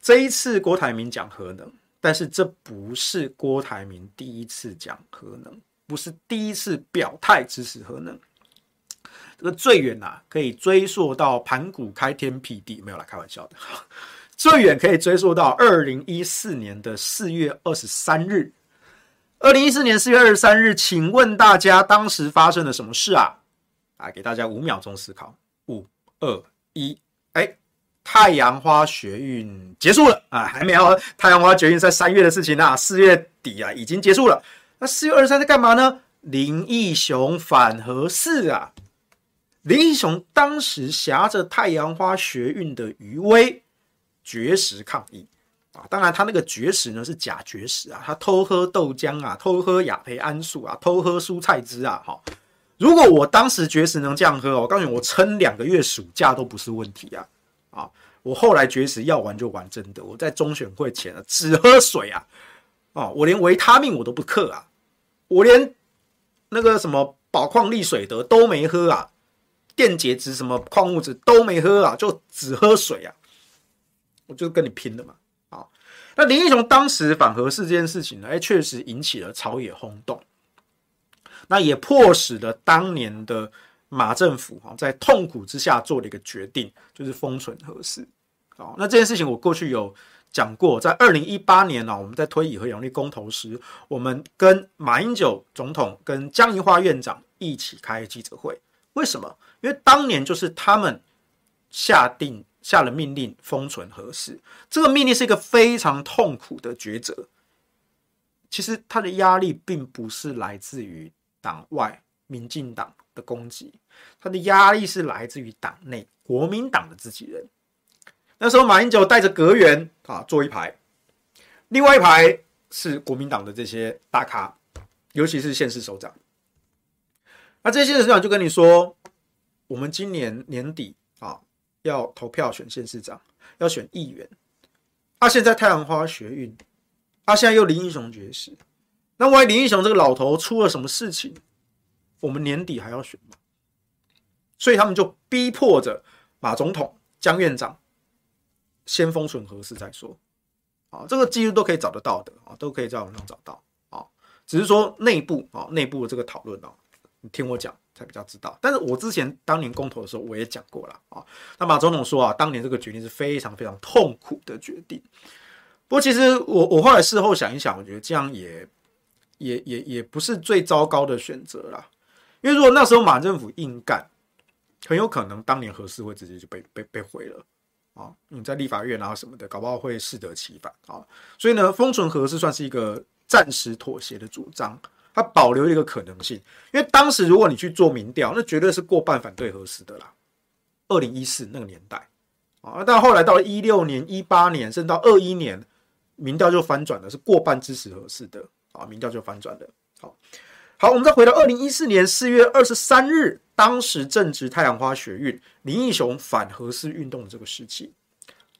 這一次郭台銘講核能，但是這不是郭台銘第一次講核能。不是第一次表態支持核能，這個最遠吶、啊、可以追溯到盤古開天闢地，沒有啦，開玩笑的。 最遠可以追溯到二零一四年的四月二十三日。二零一四年四月二十三日，請問大家當時發生了什麼事啊？來、啊、給大家五秒鐘思考，五、二、一，哎，太陽花學運結束了啊？還沒有，太陽花學運在三月的事情啊，四月底啊已經結束了。那四月二十三在幹嘛呢？林義雄反核四啊！林義雄當時挾着太陽花學運的餘威絕食抗議啊！當然，他那個絕食呢是假絕食啊，他偷喝豆漿啊，偷喝亞培安素啊，偷喝蔬菜汁啊。哦，如果我當時絕食能這樣喝，才我告訴你，我撐兩個月暑假都不是問題啊！啊，我後來絕食要玩就玩真的，我在中選會前啊只喝水啊。哦，我連維他命我都不喝啊，我連那個什麼寶礦力水得都沒喝啊，電解質什麼礦物質都沒喝啊，就只喝水啊，我就跟你拼了嘛！啊、哦，那林義雄當時反核四這件事情呢，哎、欸，確實引起了朝野轟動，那也迫使了當年的馬政府、哦、在痛苦之下做了一個決定，就是封存核四。哦，那這件事情我過去有。講過，在二零一八年呢，我們在推“以核養綠公投時，我們跟馬英九總統、跟江宜樺院長一起開記者會。為什麼？因為當年就是他們下定下了命令封存核四。這個命令是一個非常痛苦的抉擇。其實他的壓力並不是來自於黨外民進黨的攻擊，他的壓力是來自於黨內國民黨的自己人。那時候，馬英九帶着閣員啊坐一排，另外一排是國民黨的這些大咖，尤其是縣市首長。那這些縣市長就跟你說，我們今年年底啊要投票選縣市長，要選議員。他、啊、現在太陽花學運，他、啊、現在又林義雄絕食。那萬一林義雄這個老頭出了什麼事情，我們年底還要選嗎？所以他們就逼迫着馬總統、江院長。先封存核四再說，啊，這個記錄都可以找得到的啊，都可以在網上找到啊，只是說內部啊，內部的這個討論啊，你聽我講才比較知道。但是我之前當年公投的時候，我也講過了啊。那馬總統說啊，當年這個決定是非常非常痛苦的決定。不過其實我我後來事後想一想，我覺得這樣也也也也不是最糟糕的選擇啦。因為如果那時候馬政府硬幹，很有可能當年核四會直接就被被被毀了。啊，你、嗯、在立法院啊什麼的，搞不好會適得其反啊。所以呢，封存核四算是一個暫時妥協的主張，它保留一個可能性。因為當時如果你去做民調，那絕對是過半反對核四的啦。二零一四那個年代啊，但後來到了一六年、一八年，甚至到二一年，民調就翻轉了，是過半支持核四的啊，民調就翻轉了。好。好，我們再回到二零一四年四月二十三日，當時正值太陽花學運、林義雄反核四運動的這個時期，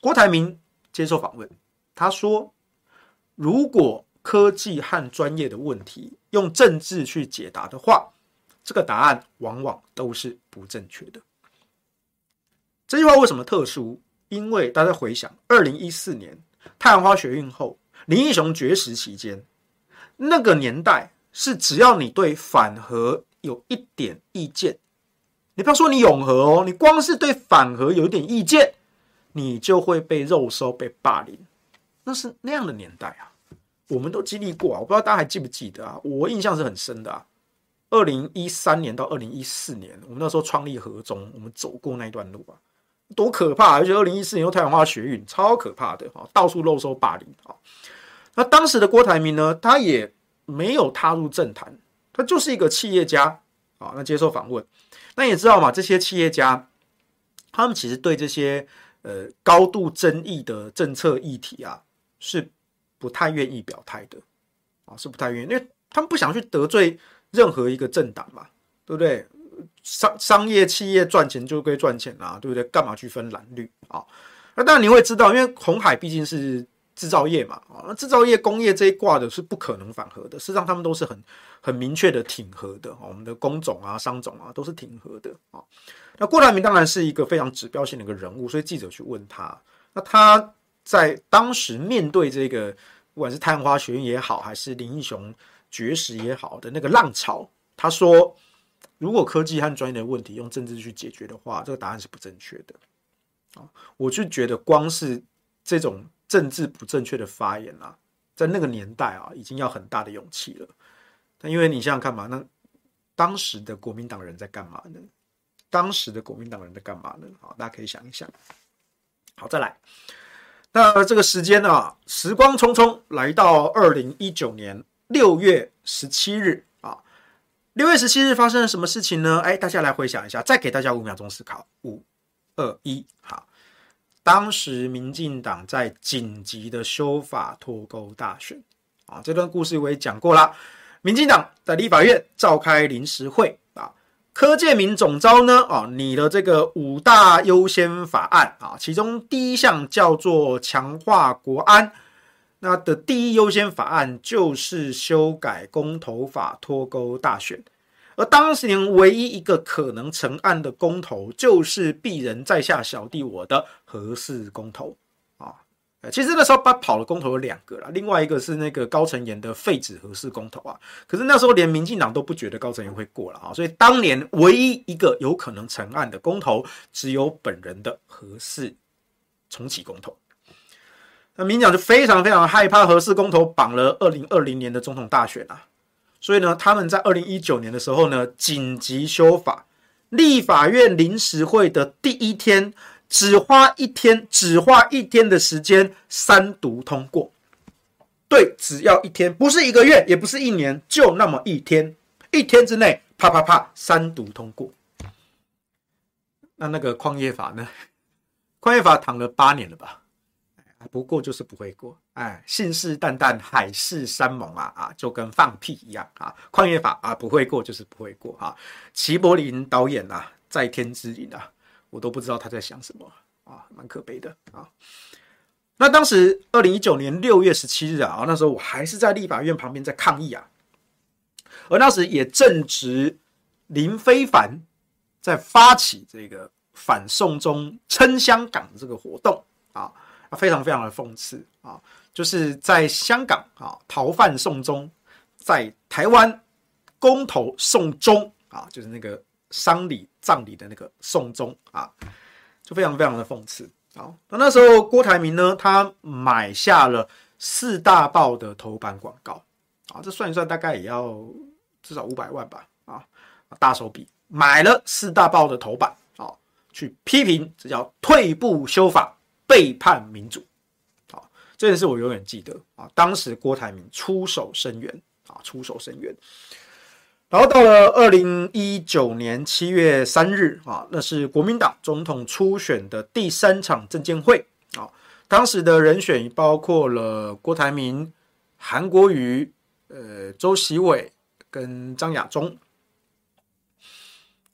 郭台銘接受訪問，他說：“如果科技和專業的問題用政治去解答的話，這個答案往往都是不正確的。”這句話為什麼特殊？因為大家回想二零一四年太陽花學運後，林義雄絕食期間，那個年代。是，只要你對反核有一點意見，你不要說你擁核哦，你光是對反核有一點意見，你就會被肉搜、被霸凌，那是那樣的年代啊，我們都經歷過啊，我不知道大家還記不記得啊？我印象是很深的啊。二零一三年到二零一四年，我們那時候創立核終，我們走過那一段路啊，多可怕、啊！而且二零一四年又太陽花學運，超可怕的哈、啊，到處肉搜霸凌啊。那當時的郭台銘呢，他也，沒有踏入政壇，他就是一個企業家啊、哦。那接受訪問，那也知道嘛，這些企業家他們其實對這些呃高度爭議的政策議題啊，是不太願意表態的啊、哦，是不太願意，因為他們不想去得罪任何一個政黨嘛，對不對？商商業企業賺錢就歸賺錢啊，對不對？幹嘛去分藍綠啊、哦？那當然你會知道，因為鴻海畢竟是。製造業嘛，啊，那制造業、工業這一掛的是不可能反核的。事實上，他們都是很很明確的挺核的。我們的工種啊、商種啊，都是挺核的。啊，那郭台銘當然是一個非常指標性的一個人物，所以記者去問他，那他在當時面對這個不管是太陽花學運也好，還是林義雄絕食也好的那個浪潮，他說，如果科技和專業的問題用政治去解決的話，這個答案是不正確的。啊，我就覺得光是這種。政治不正確的發言啊，在那個年代啊，已經要很大的勇氣了。但因為你想想看嘛，那當時的國民黨人在幹嘛呢？當時的國民黨人在幹嘛呢？好，大家可以想一想。好，再來。那這個時間啊，時光匆匆，來到二零一九年六月十七日啊。六月十七日發生了什麼事情呢？哎，大家來回想一下，再給大家五秒鐘思考，五、二、一，好。當時民進黨在緊急的修法脫鈎大選啊，這段故事我也講過了。民進黨在立法院召開臨時會啊，柯建銘總召呢啊，擬了這個五大優先法案啊，其中第一項叫做強化國安，那的第一優先法案就是修改公投法脫鈎大選。而當時唯一一個可能成案的公投，就是鄙人在下小弟我的核四公投啊。其實那時候把跑了公投有兩個了，另外一個是那個高成炎的廢止核四公投啊。可是那時候連民進黨都不覺得高成炎會過了啊，所以當年唯一一個有可能成案的公投，只有本人的核四重啟公投。那民進黨就非常非常害怕核四公投綁了二零二零年的總統大選啊。所以呢，他們在二零一九年的時候呢，緊急修法，立法院臨時會的第一天，只花一天，只花一天的時間，三讀通過。對，只要一天，不是一個月，也不是一年，就那麼一天，一天之內，啪啪啪，三讀通過。那那個礦業法呢？礦業法躺了八年了吧？不過就是不會過，哎，信誓旦旦、海誓山盟啊，啊，就跟放屁一樣啊！礦業法啊，不會過就是不會過啊。齊柏林導演啊，在天之靈啊，我都不知道他在想什麼啊，蠻可悲的啊！那當時二零一九年六月十七日啊，那時候我還是在立法院旁邊在抗議啊，而那時也正值林飛帆在發起這個反送中撐香港這個活動啊。他、啊、非常非常的諷刺啊！就是在香港啊，逃犯送中，在台灣公投送終啊，就是那個喪禮、葬禮的那個送終啊，就非常非常的諷刺。啊，那那時候郭台銘呢，他買下了四大報的頭版廣告啊，這算一算大概也要至少五百萬吧啊，大手筆買了四大報的頭版啊，去批評，這叫退步修法。背叛民主，好，這件事我永遠記得啊！當時郭台銘出手聲援，啊，出手聲援。然後到了二零一九年七月三日，啊，那是國民黨總統初選的第三場政見會，啊，當時的人選包括了郭台銘、韓國瑜、呃、周錫瑋跟張亞中，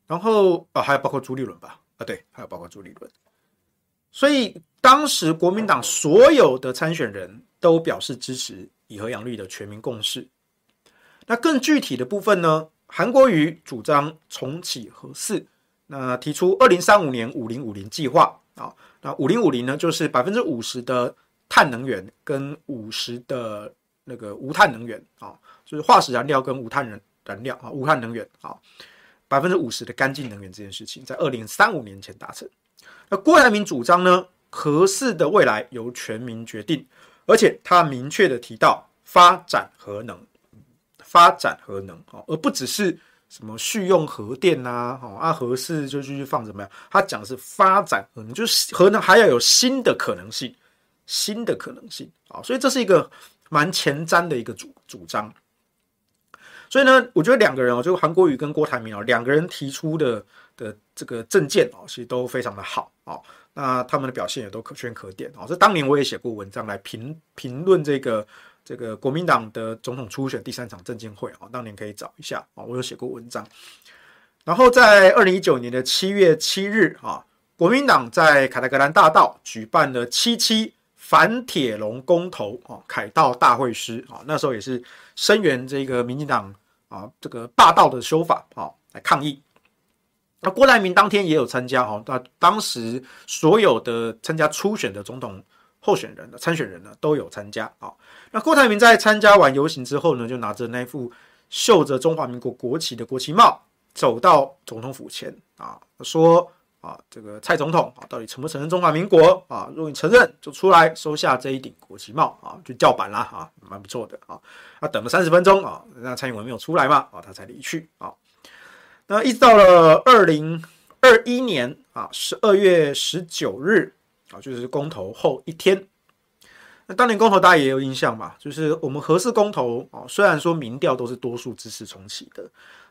然後啊，還有包括朱立倫吧？啊，對，還有包括朱立倫。所以當時國民黨所有的參選人都表示支持以核養綠的全民共識。那更具體的部分呢？韓國瑜主張重啟核四，那提出二零三五年五零五零計劃啊。那五零五零呢，就是百分之五十的碳能源跟五十的那個無碳能源啊，就是化石燃料跟無碳能燃料啊，無碳能源啊，百分之五十的乾淨能源這件事情，在二零三五年前達成。郭台銘主張呢？核四的未來由全民決定，而且他明確的提到發展核能，發展核能哦，而不只是什麼續用核電吶，哦，啊，核四就繼續放怎麼樣？他講的是發展核能，就是核能還要有新的可能性，新的可能性啊，所以這是一個蠻前瞻的一個主主張。所以呢，我覺得兩個人哦，就韓國瑜跟郭台銘哦，兩個人提出的。呃，這個政見啊，其實都非常的好啊。那他們的表現也都可圈可點啊。這當年我也寫過文章來評評論這個這個國民黨的總統初選第三場政見會啊。當年可以找一下啊，我有寫過文章。然後在二零一九年的七月七日啊，國民黨在凱達格蘭大道舉辦了七七反鐵籠公投啊，凱道大會師啊。那時候也是聲援這個民進黨啊，這個霸道的修法啊，來抗議。那郭台銘當天也有參加哈，那當時所有的參加初選的總統候選人的參選人呢都有參加啊。那郭台銘在參加完遊行之後呢，就拿着那副繡着中華民國國旗的國旗帽，走到總統府前啊，說啊，這個蔡總統啊，到底承不承認中華民國啊？如果你承認，就出來收下這一頂國旗帽啊，就叫板啦啊，蠻不錯的啊。那等了三十分鐘啊，那蔡英文沒有出來嘛，啊，他才離去啊。那一直到了二零二一年啊，十二月十九日啊，就是公投後一天。那當年公投大家也有印象嘛，就是我們核四公投啊，雖然說民調都是多數支持重啟的，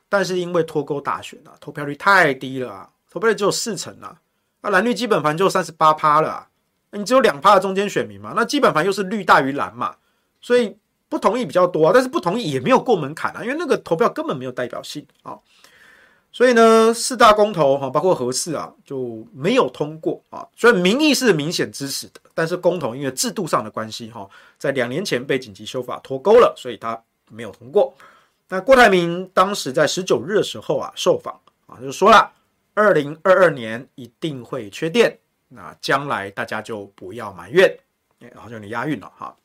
但是因為脫鈎大選啊，投票率太低了啊，投票率只有四成啊，那藍綠基本盤就三十八趴了啊，你只有兩趴的中間選民嘛，那基本盤又是綠大於藍嘛，所以不同意比較多啊，但是不同意也沒有過門檻啊，因為那個投票根本沒有代表性啊。所以呢，四大公投哈，包括何四啊，就沒有通過啊。雖然民意是明顯支持的，但是公投因為制度上的關係哈，在兩年前被緊急修法脫鈎了，所以他沒有通過。那郭台銘當時在十九日的時候啊，受訪啊，就說了，二零二二年一定會缺電，那將來大家就不要埋怨，然後就你押韻了哈。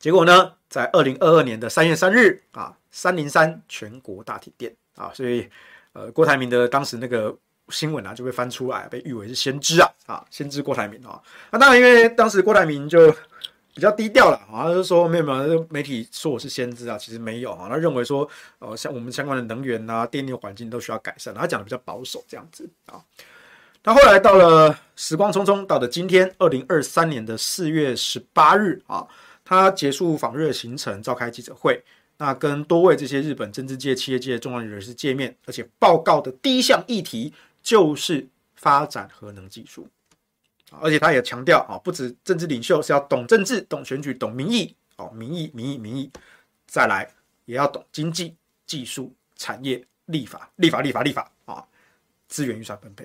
結果呢，在二零二二年的三月三日啊，三零三全國大停電。啊，所以，呃，郭台銘的當時那個新聞啊，就被翻出來，被譽為是先知啊，啊，先知郭台銘啊。那、啊、當然，因為當時郭台銘就比較低調了啊，就說沒有，沒有，媒體說我是先知啊，其實沒有啊。他認為說，呃、啊，像我們相關的能源啊、電力環境都需要改善，啊、他講的比較保守這樣子啊。那、啊、後來到了時光匆匆，到了今天二零二三年的四月十八日啊，他結束訪日行程，召開記者會。那跟多位這些日本政治界、企業界重要人士見面，而且報告的第一項議題就是發展核能技術，而且他也強調啊，不止政治領袖是要懂政治、懂選舉、懂民意哦，民意、民意、民意，再來也要懂經濟、技術、產業、立法、立法、立法、立法啊，資源預算分配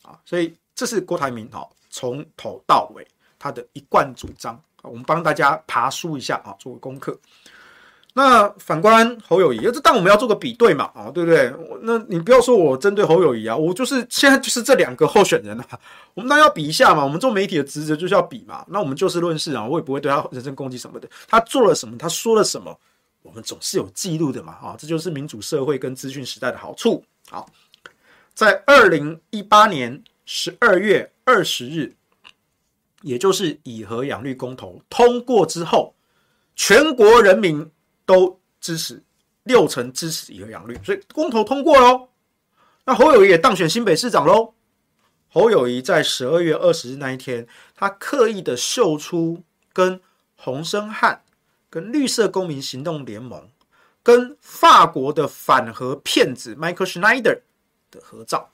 啊，所以這是郭台銘哈，從頭到尾他的一貫主張，我們幫大家爬梳一下啊，做個功課。那反觀侯友宜，這，但我們要做個比對嘛，啊，對不對？那你不要說我針對侯友宜啊，我就是現在就是這兩個候選人啊，我們當然要比一下嘛。我們做媒體的職責就是要比嘛。那我們就事論事啊，我也不會對他人身攻擊什麼的。他做了什麼，他說了什麼，我們總是有記錄的嘛，啊，這就是民主社會跟資訊時代的好處。好，在二零一八年十二月二十日，也就是《以核養綠》公投通過之後，全國人民。都支持，六成支持以核養綠，所以公投通過嘍。那侯友宜也當選新北市長嘍。侯友宜在十二月二十日那一天，他刻意的秀出跟洪申翰，跟綠色公民行動聯盟，跟法國的反核騙子 Michael Schneider 的合照。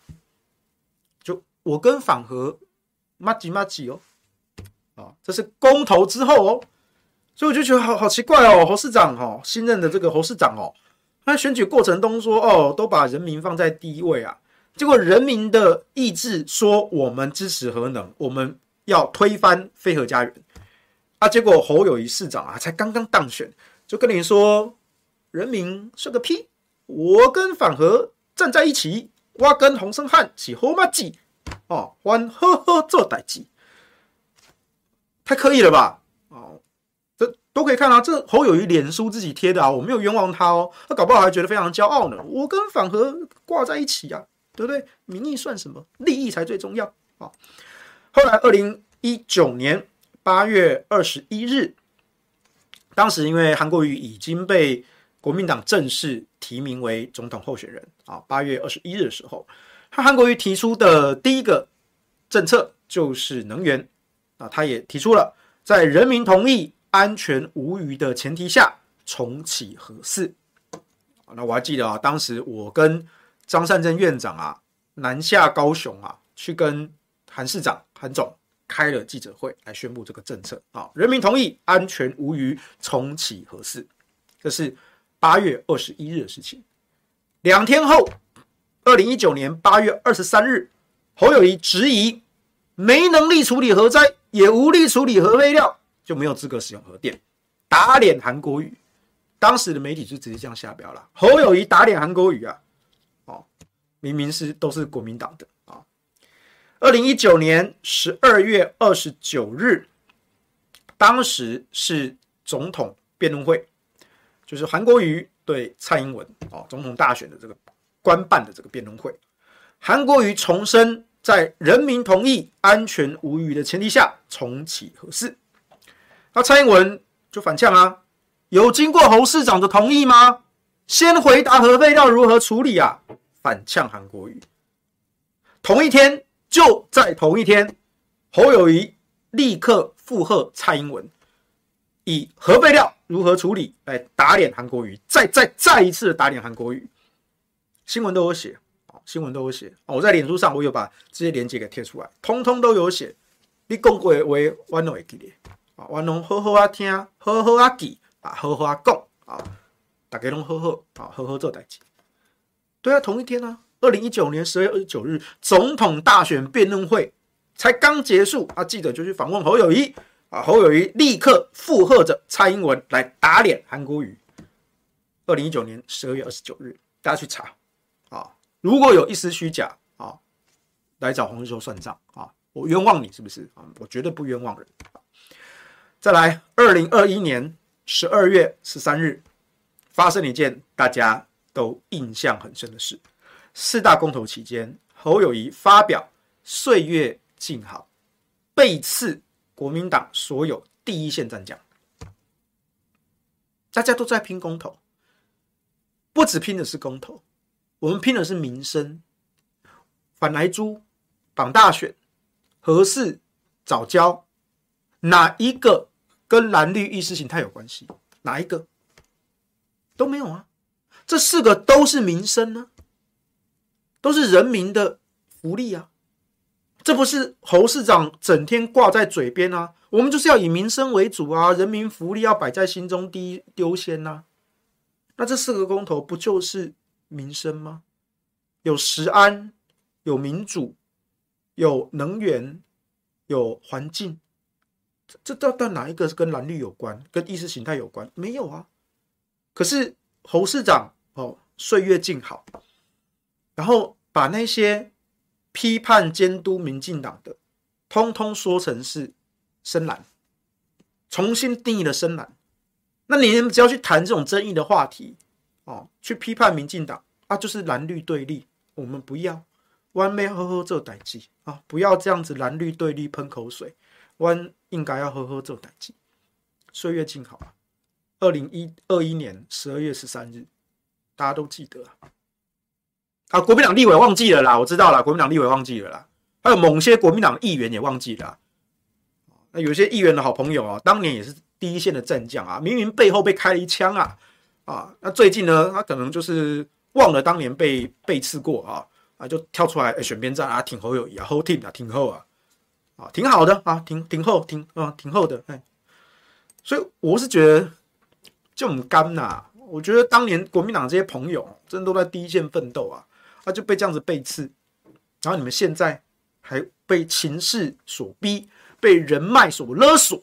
就我跟反核，馬吉馬吉哦，啊，這是公投之後哦。所以我就覺得好好奇怪哦，侯市長哦，新任的這個侯市長哦，他選舉過程中說哦，都把人民放在第一位啊，結果人民的意志說，我們支持核能，我們要推翻非核家園，啊，結果侯友宜市長啊，才剛剛當選，就跟你說，人民是個屁，我跟反核站在一起，我跟洪勝漢起鬨嘛雞，哦，歡呵呵做代誌。太可以了吧？都可以看到，啊，這侯友宜臉書自己貼的啊，我沒有冤枉他哦，他搞不好還覺得非常驕傲呢。我跟反核掛在一起啊，對不對？民意算什麼？利益才最重要啊。後來，二零一九年八月二十一日，當時因為韓國瑜已經被國民黨正式提名為總統候選人啊，八月二十一日的時候，他韓國瑜提出的第一個政策就是能源啊，他也提出了在人民同意。安全無虞的前提下重啟核四，那我還記得啊，當時我跟張善政院長啊南下高雄啊，去跟韓市長、韓總開了記者會來宣布這個政策啊，人民同意，安全無虞，重啟核四。這是八月二十一日的事情。兩天後，二零一九年八月二十三日，侯友宜質疑沒能力處理核災，也無力處理核廢料。就沒有資格使用核電，打臉韓國瑜，當時的媒體就直接這樣下標了。侯友宜打臉韓國瑜啊，哦，明明是都是國民黨的啊。二零一九年十二月二十九日，當時是總統辯論會，就是韓國瑜對蔡英文，哦，總統大選的這個官辦的這個辯論會，韓國瑜重申在人民同意、安全無虞的前提下重啟核四。那、啊、蔡英文就反嗆啊，有經過侯市長的同意嗎？先回答核廢料如何處理啊？反嗆韓國瑜。同一天，就在同一天，侯友宜立刻附和蔡英文，以核廢料如何處理來打臉韓國瑜，再再再一次打臉韓國瑜。新聞都有寫，啊，新聞都有寫、哦。我在臉書上，我有把這些鏈接給貼出來，通通都有寫。你說過話我都會記得。啊，我攏好好啊聽，好好啊記，啊好好啊講啊，大家都好好啊好好做代志。對啊，同一天呢、啊，二零一九年十二月二十九日，總統大選辯論會才剛結束啊，記者就去訪問侯友宜啊，侯友宜立刻附和着蔡英文來打臉韓國瑜。二零一九年十二月二十九日，大家去查啊，如果有一絲虛假啊，來找黃士修算賬啊，我冤枉你是不是啊？我絕對不冤枉人。再來，二零二一年十二月十三日，發生一件大家都印象很深的事：四大公投期間，侯友宜發表“歲月靜好”，背刺國民黨所有第一線戰將。大家都在拼公投，不只拼的是公投，我們拼的是民生。反萊豬，綁大選，核四藻礁，哪一個？跟藍綠意識形態有關係？哪一個都沒有啊！這四個都是民生呢、啊，都是人民的福利啊！這不是侯市長整天掛在嘴邊啊？我們就是要以民生為主啊，人民福利要擺在心中第一優先吶！那這四個公投不就是民生嗎？有食安，有民主，有能源，有環境。這這到底哪一個是跟藍綠有關？跟意識形態有關？沒有啊。可是侯市長哦，歲月靜好，然後把那些批判監督民進黨的，通通說成是深藍，重新定義了深藍。那你們只要去談這種爭議的話題哦，去批判民進黨，那、啊、就是藍綠對立。我們不要彎彎呵呵做代誌啊，不要這樣子藍綠對立噴口水彎。應該要喝呵做代際，歲月靜好啊！二零二一年十二月十三日，大家都記得啊。啊國民黨立委忘記了啦，我知道啦，國民黨立委忘記了啦。還有某些國民黨議員也忘記了、啊。那、啊、有些議員的好朋友啊，當年也是第一線的戰將啊，明明背後被開了一槍啊啊！那最近呢，他可能就是忘了當年被背刺過啊啊，就跳出來哎、欸，選邊站啊，挺侯友宜啊，後挺啊，挺侯啊。挺好的啊，挺好的啊，挺挺厚，挺啊、嗯，挺厚的哎。所以我是覺得，就很幹吶，我覺得當年國民黨這些朋友，真的都在第一線奮鬥啊，他、啊、就被這樣子背刺，然後你們現在還被情勢所逼，被人脈所勒索，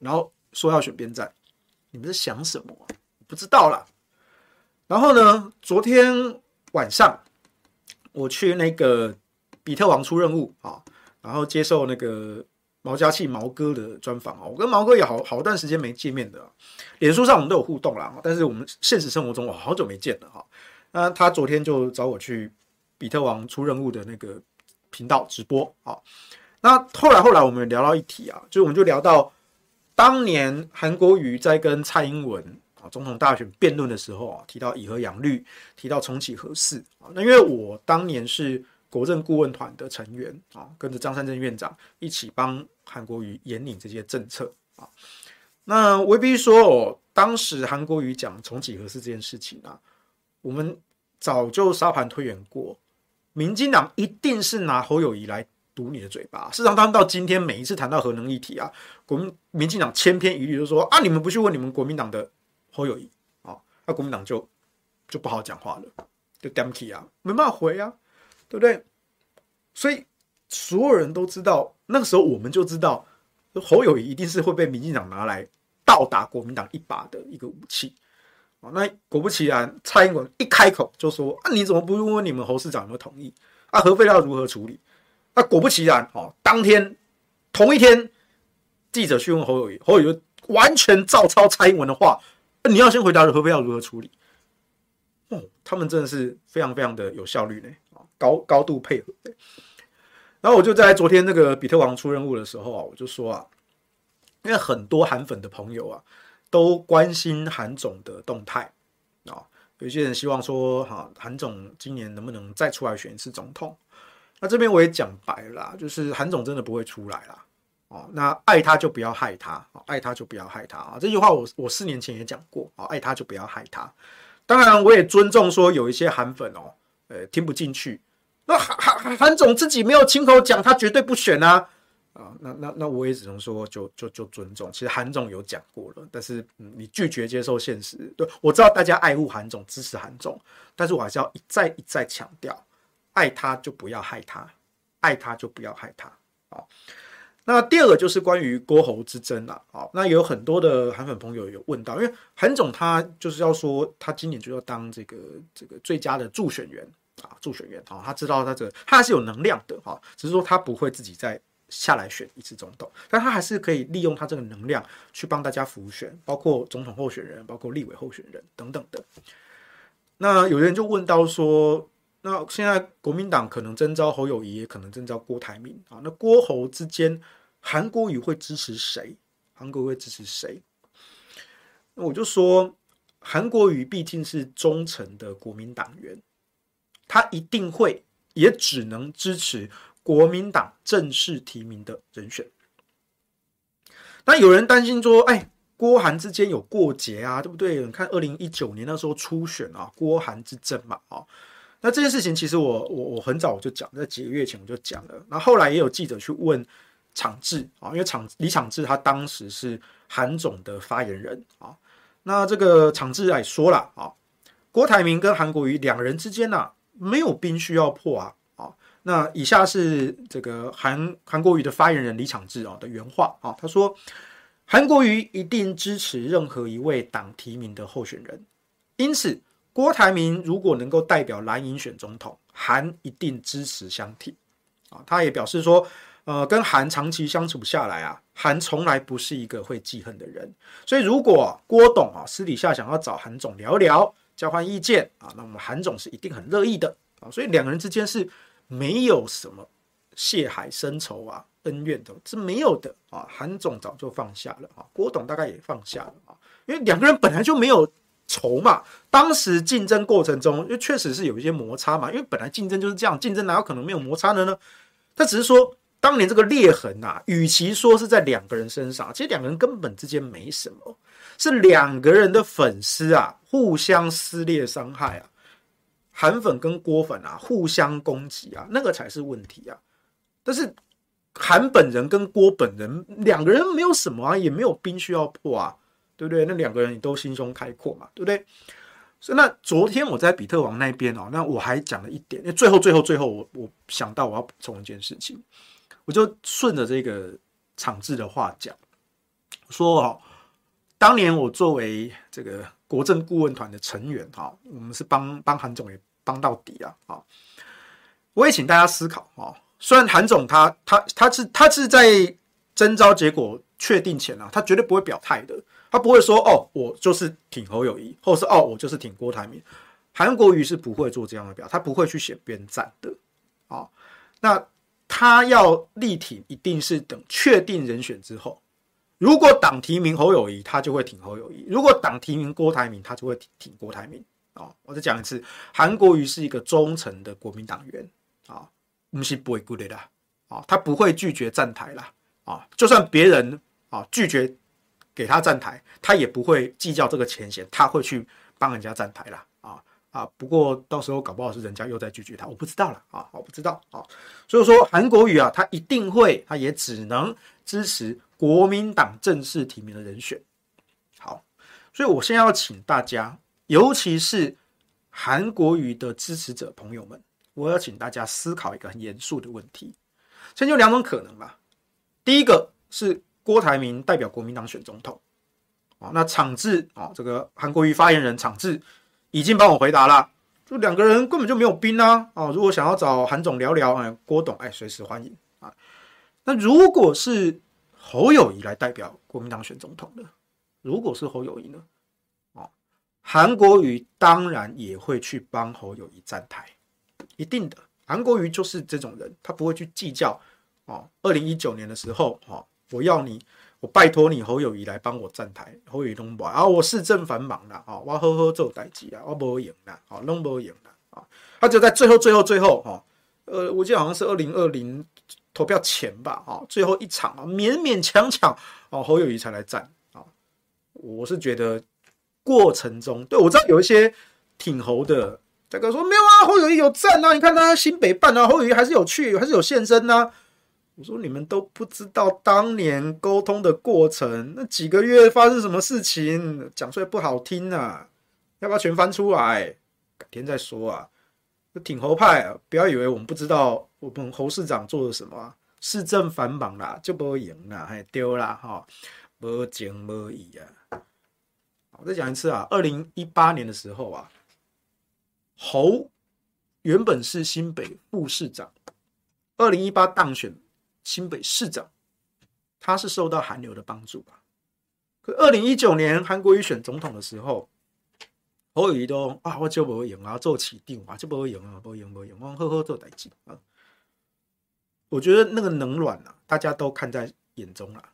然後說要選邊站，你們在想什麼、啊？不知道啦。然後呢，昨天晚上我去那個比特王出任務啊。然後接受那個毛嘉慶毛哥的專訪啊，我跟毛哥也好好段時間沒見面的，臉書上我們都有互動啦，但是我們現實生活中我好久沒見了哈。那他昨天就找我去比特王出任務的那個頻道直播啊，那後來後來我們聊到一題啊，就是我們就聊到當年韓國瑜在跟蔡英文啊總統大選辯論的時候啊，提到以核養綠，提到重啟核四啊，那因為我當年是。國政顧問團的成員啊，跟着張善政院長一起幫韓國瑜研擬這些政策啊。那未必說哦，當時韓國瑜講重啟核四這件事情啊？我們早就沙盤推演過，民進黨一定是拿侯友宜來堵你的嘴巴。事實上，當到今天每一次談到核能議題啊，國民民進黨千篇一律就說啊，你們不去問你們國民黨的侯友宜啊，那國民黨就就不好講話了，就 d e m k 啊，沒辦法回啊。對不對？所以所有人都知道，那個時候我們就知道，侯友宜一定是會被民進黨拿來倒打國民黨一把的一個武器。啊、哦，那果不其然，蔡英文一開口就說：“啊，你怎麼不問問你們侯市長有沒有同意？啊，核廢料如何處理？”那、啊、果不其然，哦，當天同一天，記者去問侯友宜，侯友宜完全照抄蔡英文的話：“啊、你要先回答核廢料如何處理。”哦，他們真的是非常非常的有效率呢。高高度配合，然後我就在昨天那個比特王出任務的時候啊，我就說啊，因為很多韓粉的朋友啊，都關心韓總的動態啊、哦，有些人希望說哈、哦，韓總今年能不能再出來選一次總統？那這邊我也講白了，就是韓總真的不會出來了哦。那愛他就不要害他，哦、愛他就不要害他啊。這句話我我四年前也講過啊、哦，愛他就不要害他。當然，我也尊重說有一些韓粉哦。呃，聽不進去，那韓韓韓總自己沒有親口講，他絕對不選啊！啊，那那那我也只能說就，就就就尊重。其實韓總有講過了，但是你拒絕接受現實。對，我知道大家愛護韓總，支持韓總，但是我還是要一再一再強調：愛他就不要害他，愛他就不要害他，好。那第二個就是關於郭侯之爭了。啊，那有很多的韓粉朋友有問到，因為韓總他就是要說，他今年就要當這個這個最佳的助選員啊，助選員，好，他知道他這個、他還是有能量的哈，只是說他不會自己再下來選一次總統，但他還是可以利用他這個能量去幫大家輔選，包括總統候選人，包括立委候選人等等的。那有人就問到說，那現在國民黨可能徵召侯友宜，也可能徵召郭台銘啊。那郭侯之間，韓國瑜會支持誰？韓國瑜會支持誰？我就說，韓國瑜畢竟是忠誠的國民黨員，他一定會，也只能支持國民黨正式提名的人選。那有人擔心說，哎，郭韓之間有過節啊，對不對？你看二零一九年那時候初選啊，郭韓之爭嘛，啊。那這件事情其實我我我很早我就講，在幾個月前我就講了。那後，後來也有記者去問場志，啊、哦，因為場李場志他當時是韓總的發言人啊、哦。那這個場志也說了啊、哦，郭台銘跟韓國瑜兩人之間呢、啊、沒有冰需要破啊啊、哦。那以下是這個韓韓國瑜的發言人李場志啊、哦、的原話啊、哦，他說韓國瑜一定支持任何一位黨提名的候選人，因此。郭台銘如果能夠代表藍營選總統，韓一定支持相挺。啊、哦！他也表示說，呃，跟韓長期相處下來啊，韓從來不是一個會記恨的人，所以如果、啊、郭董啊私底下想要找韓總聊聊，交換意見啊，那我們韓總是一定很樂意的啊！所以兩個人之間是沒有什麼血海深仇啊、恩怨的，是沒有的啊！韓總早就放下了啊，郭董大概也放下了啊，因為兩個人本來就沒有。籌碼，當時競爭過程中,因為確實是有一些摩擦嘛，因為本來競爭就是這樣，競爭哪有可能沒有摩擦的呢？他只是說，當年這個裂痕啊，與其說是在兩個人身上，其實兩個人根本之間沒什麼，是兩個人的粉絲啊，互相撕裂傷害啊，韓粉跟郭粉啊，互相攻擊啊，那個才是問題啊。但是韓本人跟郭本人兩個人沒有什麼啊，也沒有冰需要破啊。對不對？那兩個人你都心胸開闊嘛，對不對？所以那昨天我在比特王那邊哦，那我還講了一點。那最後、最後、最後我，我我想到我要補充一件事情，我就順着這個場次的話講，說哦，當年我作為這個國政顧問團的成員哈、哦，我們是幫幫韓總也幫到底啊！啊、哦，我也請大家思考啊、哦。雖然韓總他他他是他是在徵召結果確定前啊，他絕對不會表態的。他不會說哦，我就是挺侯友宜，或是哦，我就是挺郭台銘。韓國瑜是不會做這樣的表，他不會去選邊站的，哦、那他要力挺，一定是等確定人選之後。如果黨提名侯友宜，他就會挺侯友宜；如果黨提名郭台銘，他就會挺郭台銘，哦、我再講一次，韓國瑜是一個忠誠的國民黨員啊，我、哦、們是不會的啊，他不會拒絕站台啦啊，哦，就算別人啊、哦、拒絕。給他站台，他也不會計較這個前嫌，他會去幫人家站台啦，啊啊！不過到時候搞不好是人家又在拒絕他，我不知道啦啊，我不知道啊。所以說，韓國瑜啊，他一定會，他也只能支持國民黨正式提名的人選。好，所以我現在要請大家，尤其是韓國瑜的支持者朋友們，我要請大家思考一個很嚴肅的問題。這就有兩種可能吧，第一個是。郭台銘代表國民黨選總統，哦，那場智哦，這個韓國瑜發言人場智已經幫我回答了，就兩個人根本就沒有兵啊，哦，如果想要找韓總聊聊，郭董哎，隨時歡迎啊。那如果是侯友宜來代表國民黨選總統的，如果是侯友宜呢，哦，韓國瑜當然也會去幫侯友宜站台，一定的，韓國瑜就是這種人，他不會去計較哦。二零一九年的時候，我要你，我拜托你侯友宜來幫我站台，侯友宜東不啊？我市政繁忙的啊，我要呵呵做代誌啊，我不會贏啦，我攏不會贏啦啊！他就在最後、最後、最後、啊、呃，我記得好像是二零二零投票前吧，啊、最後一場啊，勉勉強強、啊、侯友宜才來站啊。我是覺得過程中，對我知道有一些挺侯的，大哥說沒有啊，侯友宜有站啊，你看他新北辦啊，侯友宜還是有去，還是有現身吶、啊。我說你們都不知道當年溝通的過程，那幾個月發生什麼事情？講出來不好聽啊，要不要全翻出來？改天再說啊。這挺侯派啊，不要以為我們不知道我們侯市長做了什麼啊，市政繁忙啦就不會贏啦，還丟啊、啦哈、哦，沒情沒義啊。好，我再講一次啊，二零一八年的時候啊，侯原本是新北副市長，二零一八當選。新北市長，他是受到韓流的幫助吧、啊？可二零一九年韓國瑜選總統的時候，侯友宜都啊，我就不會贏啊，我做起定、啊、我就不會贏了，不會贏，不會贏，我呵呵做代志啊。我覺得那個能軟啊，大家都看在眼中了、啊。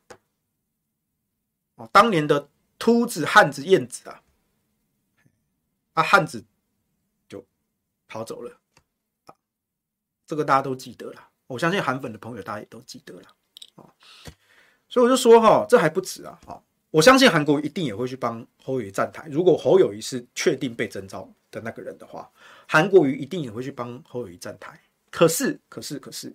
哦、啊，當年的禿子漢子燕子啊，啊漢子就跑走了、啊，這個大家都記得了。我相信韓粉的朋友，大家也都記得了、哦、所以我就說哈、哦，這還不止啊、哦，我相信韓國瑜一定也會去幫侯友宜站台。如果侯友宜是確定被徵召的那個人的話，韓國瑜一定也會去幫侯友宜站台。可是，可是，可是，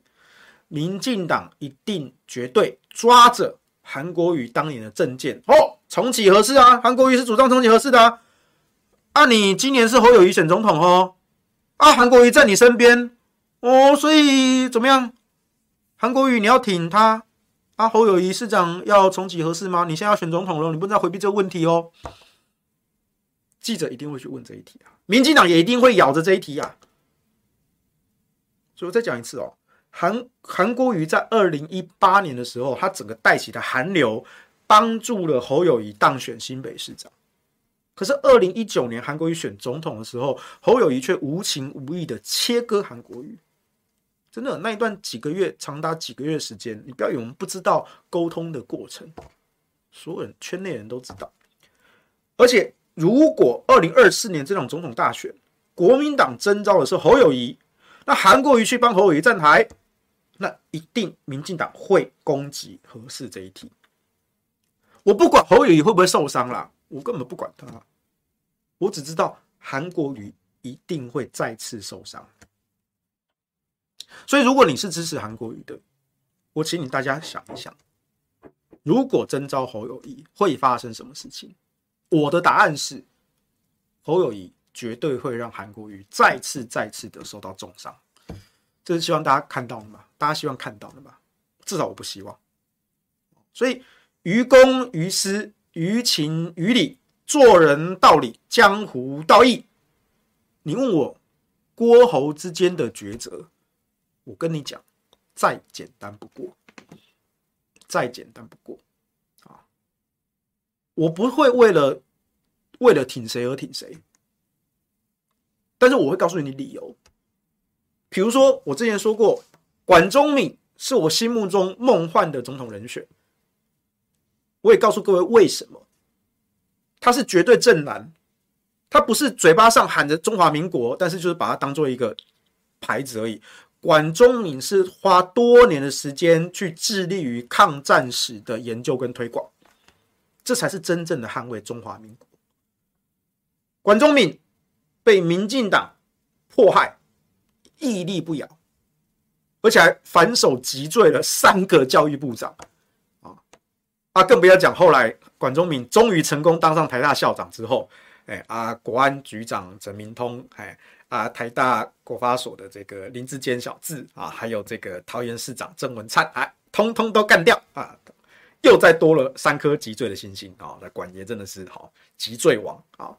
民進黨一定絕對抓着韓國瑜當年的政見哦，重啟核四啊，韓國瑜是主張重啟核四的啊。啊，你今年是侯友宜選總統哦，啊，韓國瑜在你身邊。哦，所以怎麼樣？韓國瑜你要挺他啊？侯友宜市長要重啟核四嗎？你現在要選總統了，你不能再回避這個問題哦。記者一定會去問這一題啊，民進黨也一定會咬着這一題啊。所以我再講一次哦，韓韓國瑜在二零一八年的時候，他整個帶起的韓流，幫助了侯友宜當選新北市長。可是二零一九年韓國瑜選總統的時候，侯友宜卻無情無義的切割韓國瑜。真的那一段幾個月，長達幾個月的時間，你不要以為我們不知道溝通的過程，所有人圈內人都知道。而且，如果二零二四年這場總統大選，國民黨徵召的是侯友宜，那韓國瑜去幫侯友宜站台，那一定民進黨會攻擊核四這一題。我不管侯友宜會不會受傷啦，我根本不管他，我只知道韓國瑜一定會再次受傷。所以，如果你是支持韓國瑜的，我請你大家想一想，如果徵召侯友宜會發生什麼事情？我的答案是，侯友宜絕對會讓韓國瑜再次、再次的受到重傷。這是希望大家看到了嗎？大家希望看到的嗎？至少我不希望。所以，於公於私，於情於理，做人道理，江湖道義，你問我郭侯之間的抉擇。我跟你講，再簡單不過，再簡單不過啊！我不會為了為了挺誰而挺誰，但是我會告訴你理由。比如說，我之前說過，管中閔是我心目中夢幻的總統人選，我也告訴各位為什麼，他是絕對正藍，他不是嘴巴上喊着中華民國，但是就是把它當做一個牌子而已。管中閔是花多年的時間去致力於抗戰史的研究跟推廣，這才是真正的捍衛中華民國。管中閔被民進黨迫害，屹立不搖，而且還反手擊墜了三個教育部長，啊，更不要講後來管中閔終於成功當上台大校長之後，哎，啊，國安局長陳明通，哎啊，台大國發所的這個林智堅小智啊，還有這個桃園市長鄭文燦啊，通通都幹掉啊！又再多了三顆擊墜的星星啊！那管爺真的是好擊墜王啊！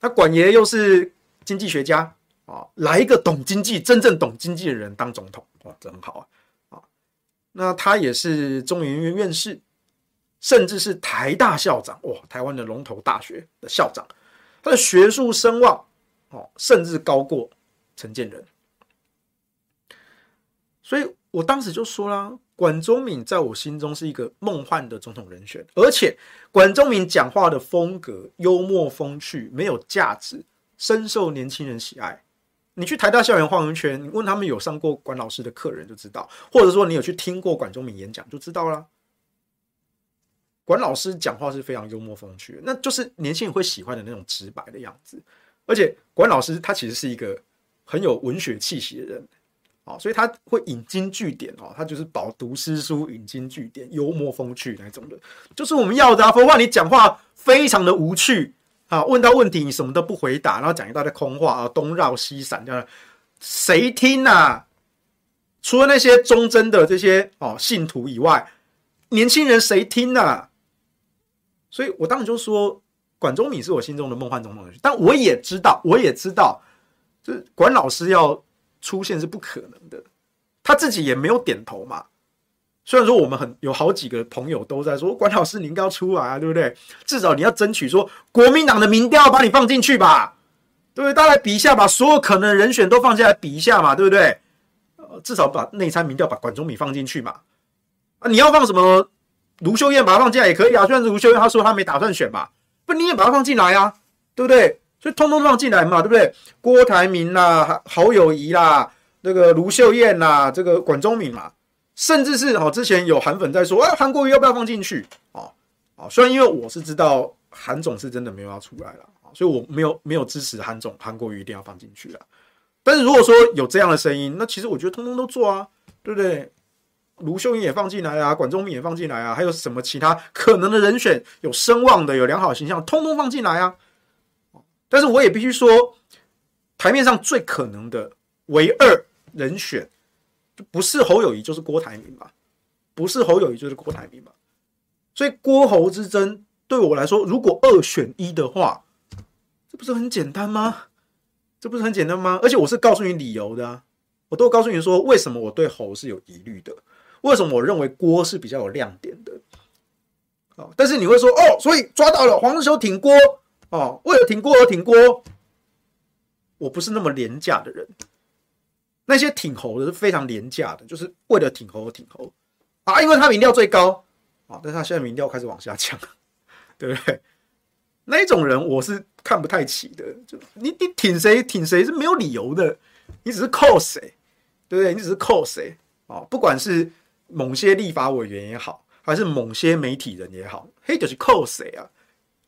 那、啊啊、管爺又是經濟學家啊，來一個懂經濟、真正懂經濟的人當總統哇，真好啊！啊，那他也是中研院院士，甚至是台大校長哇，台灣的龍頭大學的校長，他的學術聲望。甚至高過陳建仁，所以我當時就說啦，管中閔在我心中是一個夢幻的總統人選，而且管中閔講話的風格幽默風趣，沒有架子，深受年輕人喜愛。你去台大校園逛一圈，你問他們有上過管老師的課人就知道，或者說你有去聽過管中閔演講就知道啦。管老師講話是非常幽默風趣，那就是年輕人會喜歡的那種直白的樣子。而且管老師他其實是一個很有文學氣息的人，哦，所以他會引經據典，哦，他就是飽讀詩書、引經據典、幽默風趣那種的，就是我們要的。啊，否則你講話非常的無趣，啊，問到問題你什麼都不回答，然後講一大堆空話啊，東繞西閃，這樣的，誰聽吶、啊？除了那些忠貞的這些哦信徒以外，年輕人誰聽啊？所以我當時就說。管中閔是我心中的夢幻中夢，但我也知道，我也知道，就是管老師要出現是不可能的。他自己也沒有點頭嘛。雖然說我們很有好幾個朋友都在說，管老師你應該要出來啊，對不對？至少你要爭取說國民黨的民調把你放進去吧，對不對？大家來比一下吧，把所有可能的人選都放下來比一下嘛，對不對？呃，至少把內參民調把管中閔放進去嘛。啊，你要放什麼？盧秀燕，把它放進來也可以啊。雖然盧秀燕她說她沒打算選嘛。不你也把它放進來呀、啊，對不對？所以通通放進來嘛，對不對？郭台銘啦、啊，侯友宜啦、啊，那、這個盧秀燕啦、啊，這個管中閔嘛、啊，甚至是哦，之前有韓粉在說啊，韓、哎、韓國瑜要不要放進去？哦哦，雖然因為我是知道韓總是真的沒有要出來了，所以我沒有沒有支持韓總，韓國瑜一定要放進去啊。但是如果說有這樣的聲音，那其實我覺得通通都做啊，對不對？盧秀英也放進來啊，管中閔也放進來啊，還有什麼其他可能的人選？有聲望的，有良好的形象，通通放進來啊。但是我也必須說，台面上最可能的唯二人選，不是侯友宜就是郭台銘嘛，不是侯友宜就是郭台銘嘛。所以郭侯之爭對我來說，如果二選一的話，這不是很簡單嗎？這不是很簡單嗎？而且我是告訴你理由的啊，我都告訴你說為什麼我對侯是有疑慮的。為什麼我認為郭是比較有亮點的？哦、但是你會說哦，所以抓到了黃士修。挺郭哦，為了挺郭而挺郭。我不是那麼廉價的人，那些挺猴的是非常廉價的，就是為了挺猴而挺猴啊，因為他民調最高啊、哦，但是他現在民調開始往下降，對不對？那種人我是看不太起的，就你你挺誰挺誰是沒有理由的，你只是靠誰，對不對？你只是靠誰啊、哦，不管是。某些立法委員也好，還是某些媒體人也好，嘿，就是扣誰啊？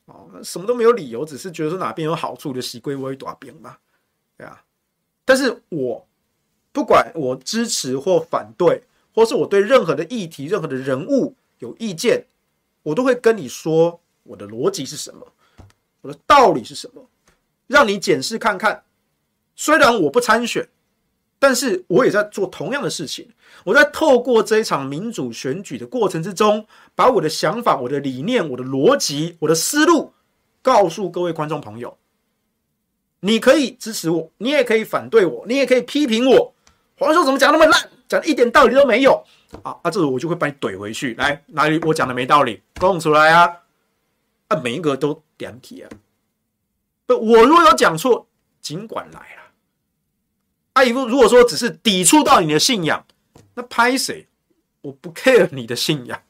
哦，什麼都沒有理由，只是覺得說哪邊有好處就洗歸歸哪邊嘛，對啊。但是我不管我支持或反對，或是我對任何的議題、任何的人物有意見，我都會跟你說我的邏輯是什麼，我的道理是什麼，讓你檢視看看。雖然我不參選。但是我也在做同樣的事情，我在透過這一場民主選舉的過程之中，把我的想法、我的理念、我的邏輯、我的思路告訴各位觀眾朋友。你可以支持我，你也可以反對我，你也可以批評我。黃兄怎麼講那麼爛，講一點道理都沒有啊？啊，這個我就會把你懟回去。來，哪裡我講的沒道理，供出來啊！啊，每一個都點題啊！我若有講錯，盡管來啊！阿姨如果說，只是抵觸到你的信仰，那拍誰？我不 care 你的信仰，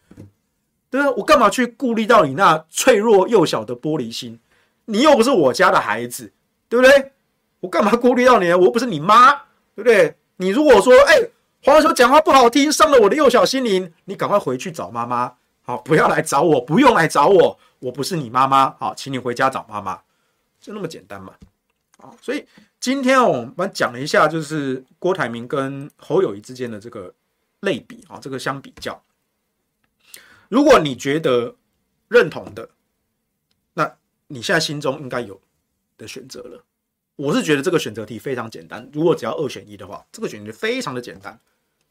對，我幹嘛去顧慮到你那脆弱幼小的玻璃心？你又不是我家的孩子，對不對？我幹嘛顧慮到你？我又不是你媽，對不對？你如果說，哎，黃教授講話不好聽，傷了我的幼小心靈，你趕快回去找媽媽。好，不要來找我，不用來找我，我不是你媽媽。好，請你回家找媽媽，就那麼簡單嘛，好，所以。今天我們講了一下，就是郭台銘跟侯友宜之間的這個類比啊，這個相比較。如果你覺得認同的，那你現在心中應該有的選擇了。我是覺得這個選擇題非常簡單，如果只要二選一的話，這個選擇非常的簡單。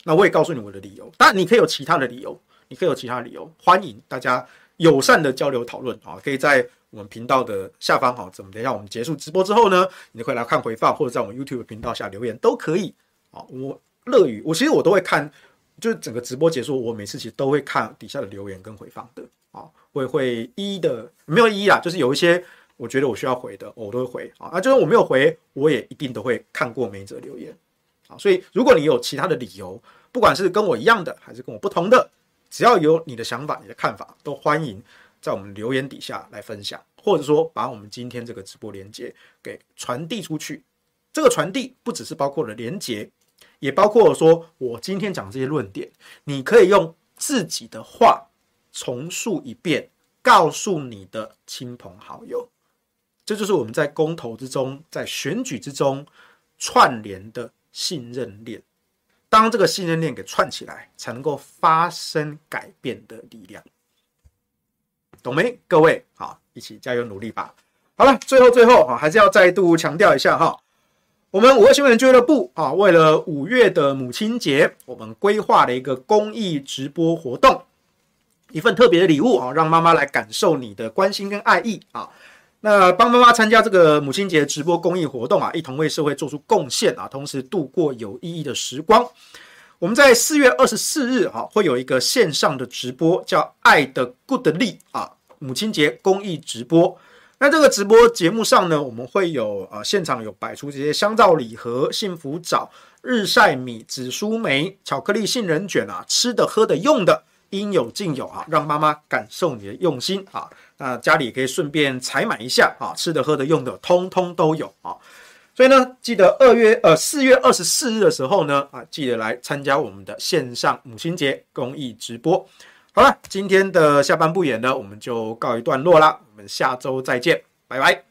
那我也告訴你我的理由，當然你可以有其他的理由，你可以有其他的理由，歡迎大家。友善的交流討論啊，可以在我們頻道的下方哈。怎麼，等一下，我們結束直播之後呢，你可以來看回放，或者在我們 YouTube 頻道下留言都可以啊。我樂於，我其實我都會看，就是整個直播結束，我每次其實都會看底下的留言跟回放的啊。我也會一一的，沒有一一啦，就是有一些我覺得我需要回的，我都會回啊。就算我沒有回，我也一定都會看過每一則留言啊。所以，如果你有其他的理由，不管是跟我一樣的，還是跟我不同的。只要有你的想法，你的看法，都歡迎在我們留言底下來分享，或者說把我們今天這個直播鏈接給傳遞出去。這個傳遞不只是包括了連接，也包括說我今天講這些論點，你可以用自己的話重述一遍，告訴你的親朋好友。這就是我們在公投之中、在選舉之中串聯的信任鏈。當這個信任鏈給串起來，才能夠發生改變的力量，懂沒？各位，好，一起加油努力吧。好了，最後最後啊，還是要再度強調一下哈，我們52新聞聚樂部啊，為了五月的母親節，我們規劃了一個公益直播活動，一份特別的禮物啊，讓媽媽來感受你的關心跟愛意啊。那幫媽媽參加這個母親節直播公益活動啊，一同為社會做出貢獻啊，同時度過有意義的時光。我們在四月二十四日哈、啊，會有一個線上的直播，叫《愛的 Good 力》啊，母親節公益直播。那這個直播節目上呢，我們會有呃現場有擺出這些香皂禮盒、幸福棗、日曬米、紫蘇梅、巧克力、杏仁卷啊，吃的、喝的、用的。應有盡有啊，讓媽媽感受你的用心啊！那家裡可以順便採買一下啊，吃的、喝的、用的，通通都有啊！所以呢，記得二月呃四月二十四日的時候呢，啊，記得來參加我們的線上母親節公益直播。好了，今天的下半部演呢，我們就告一段落啦，我們下週再見，拜拜。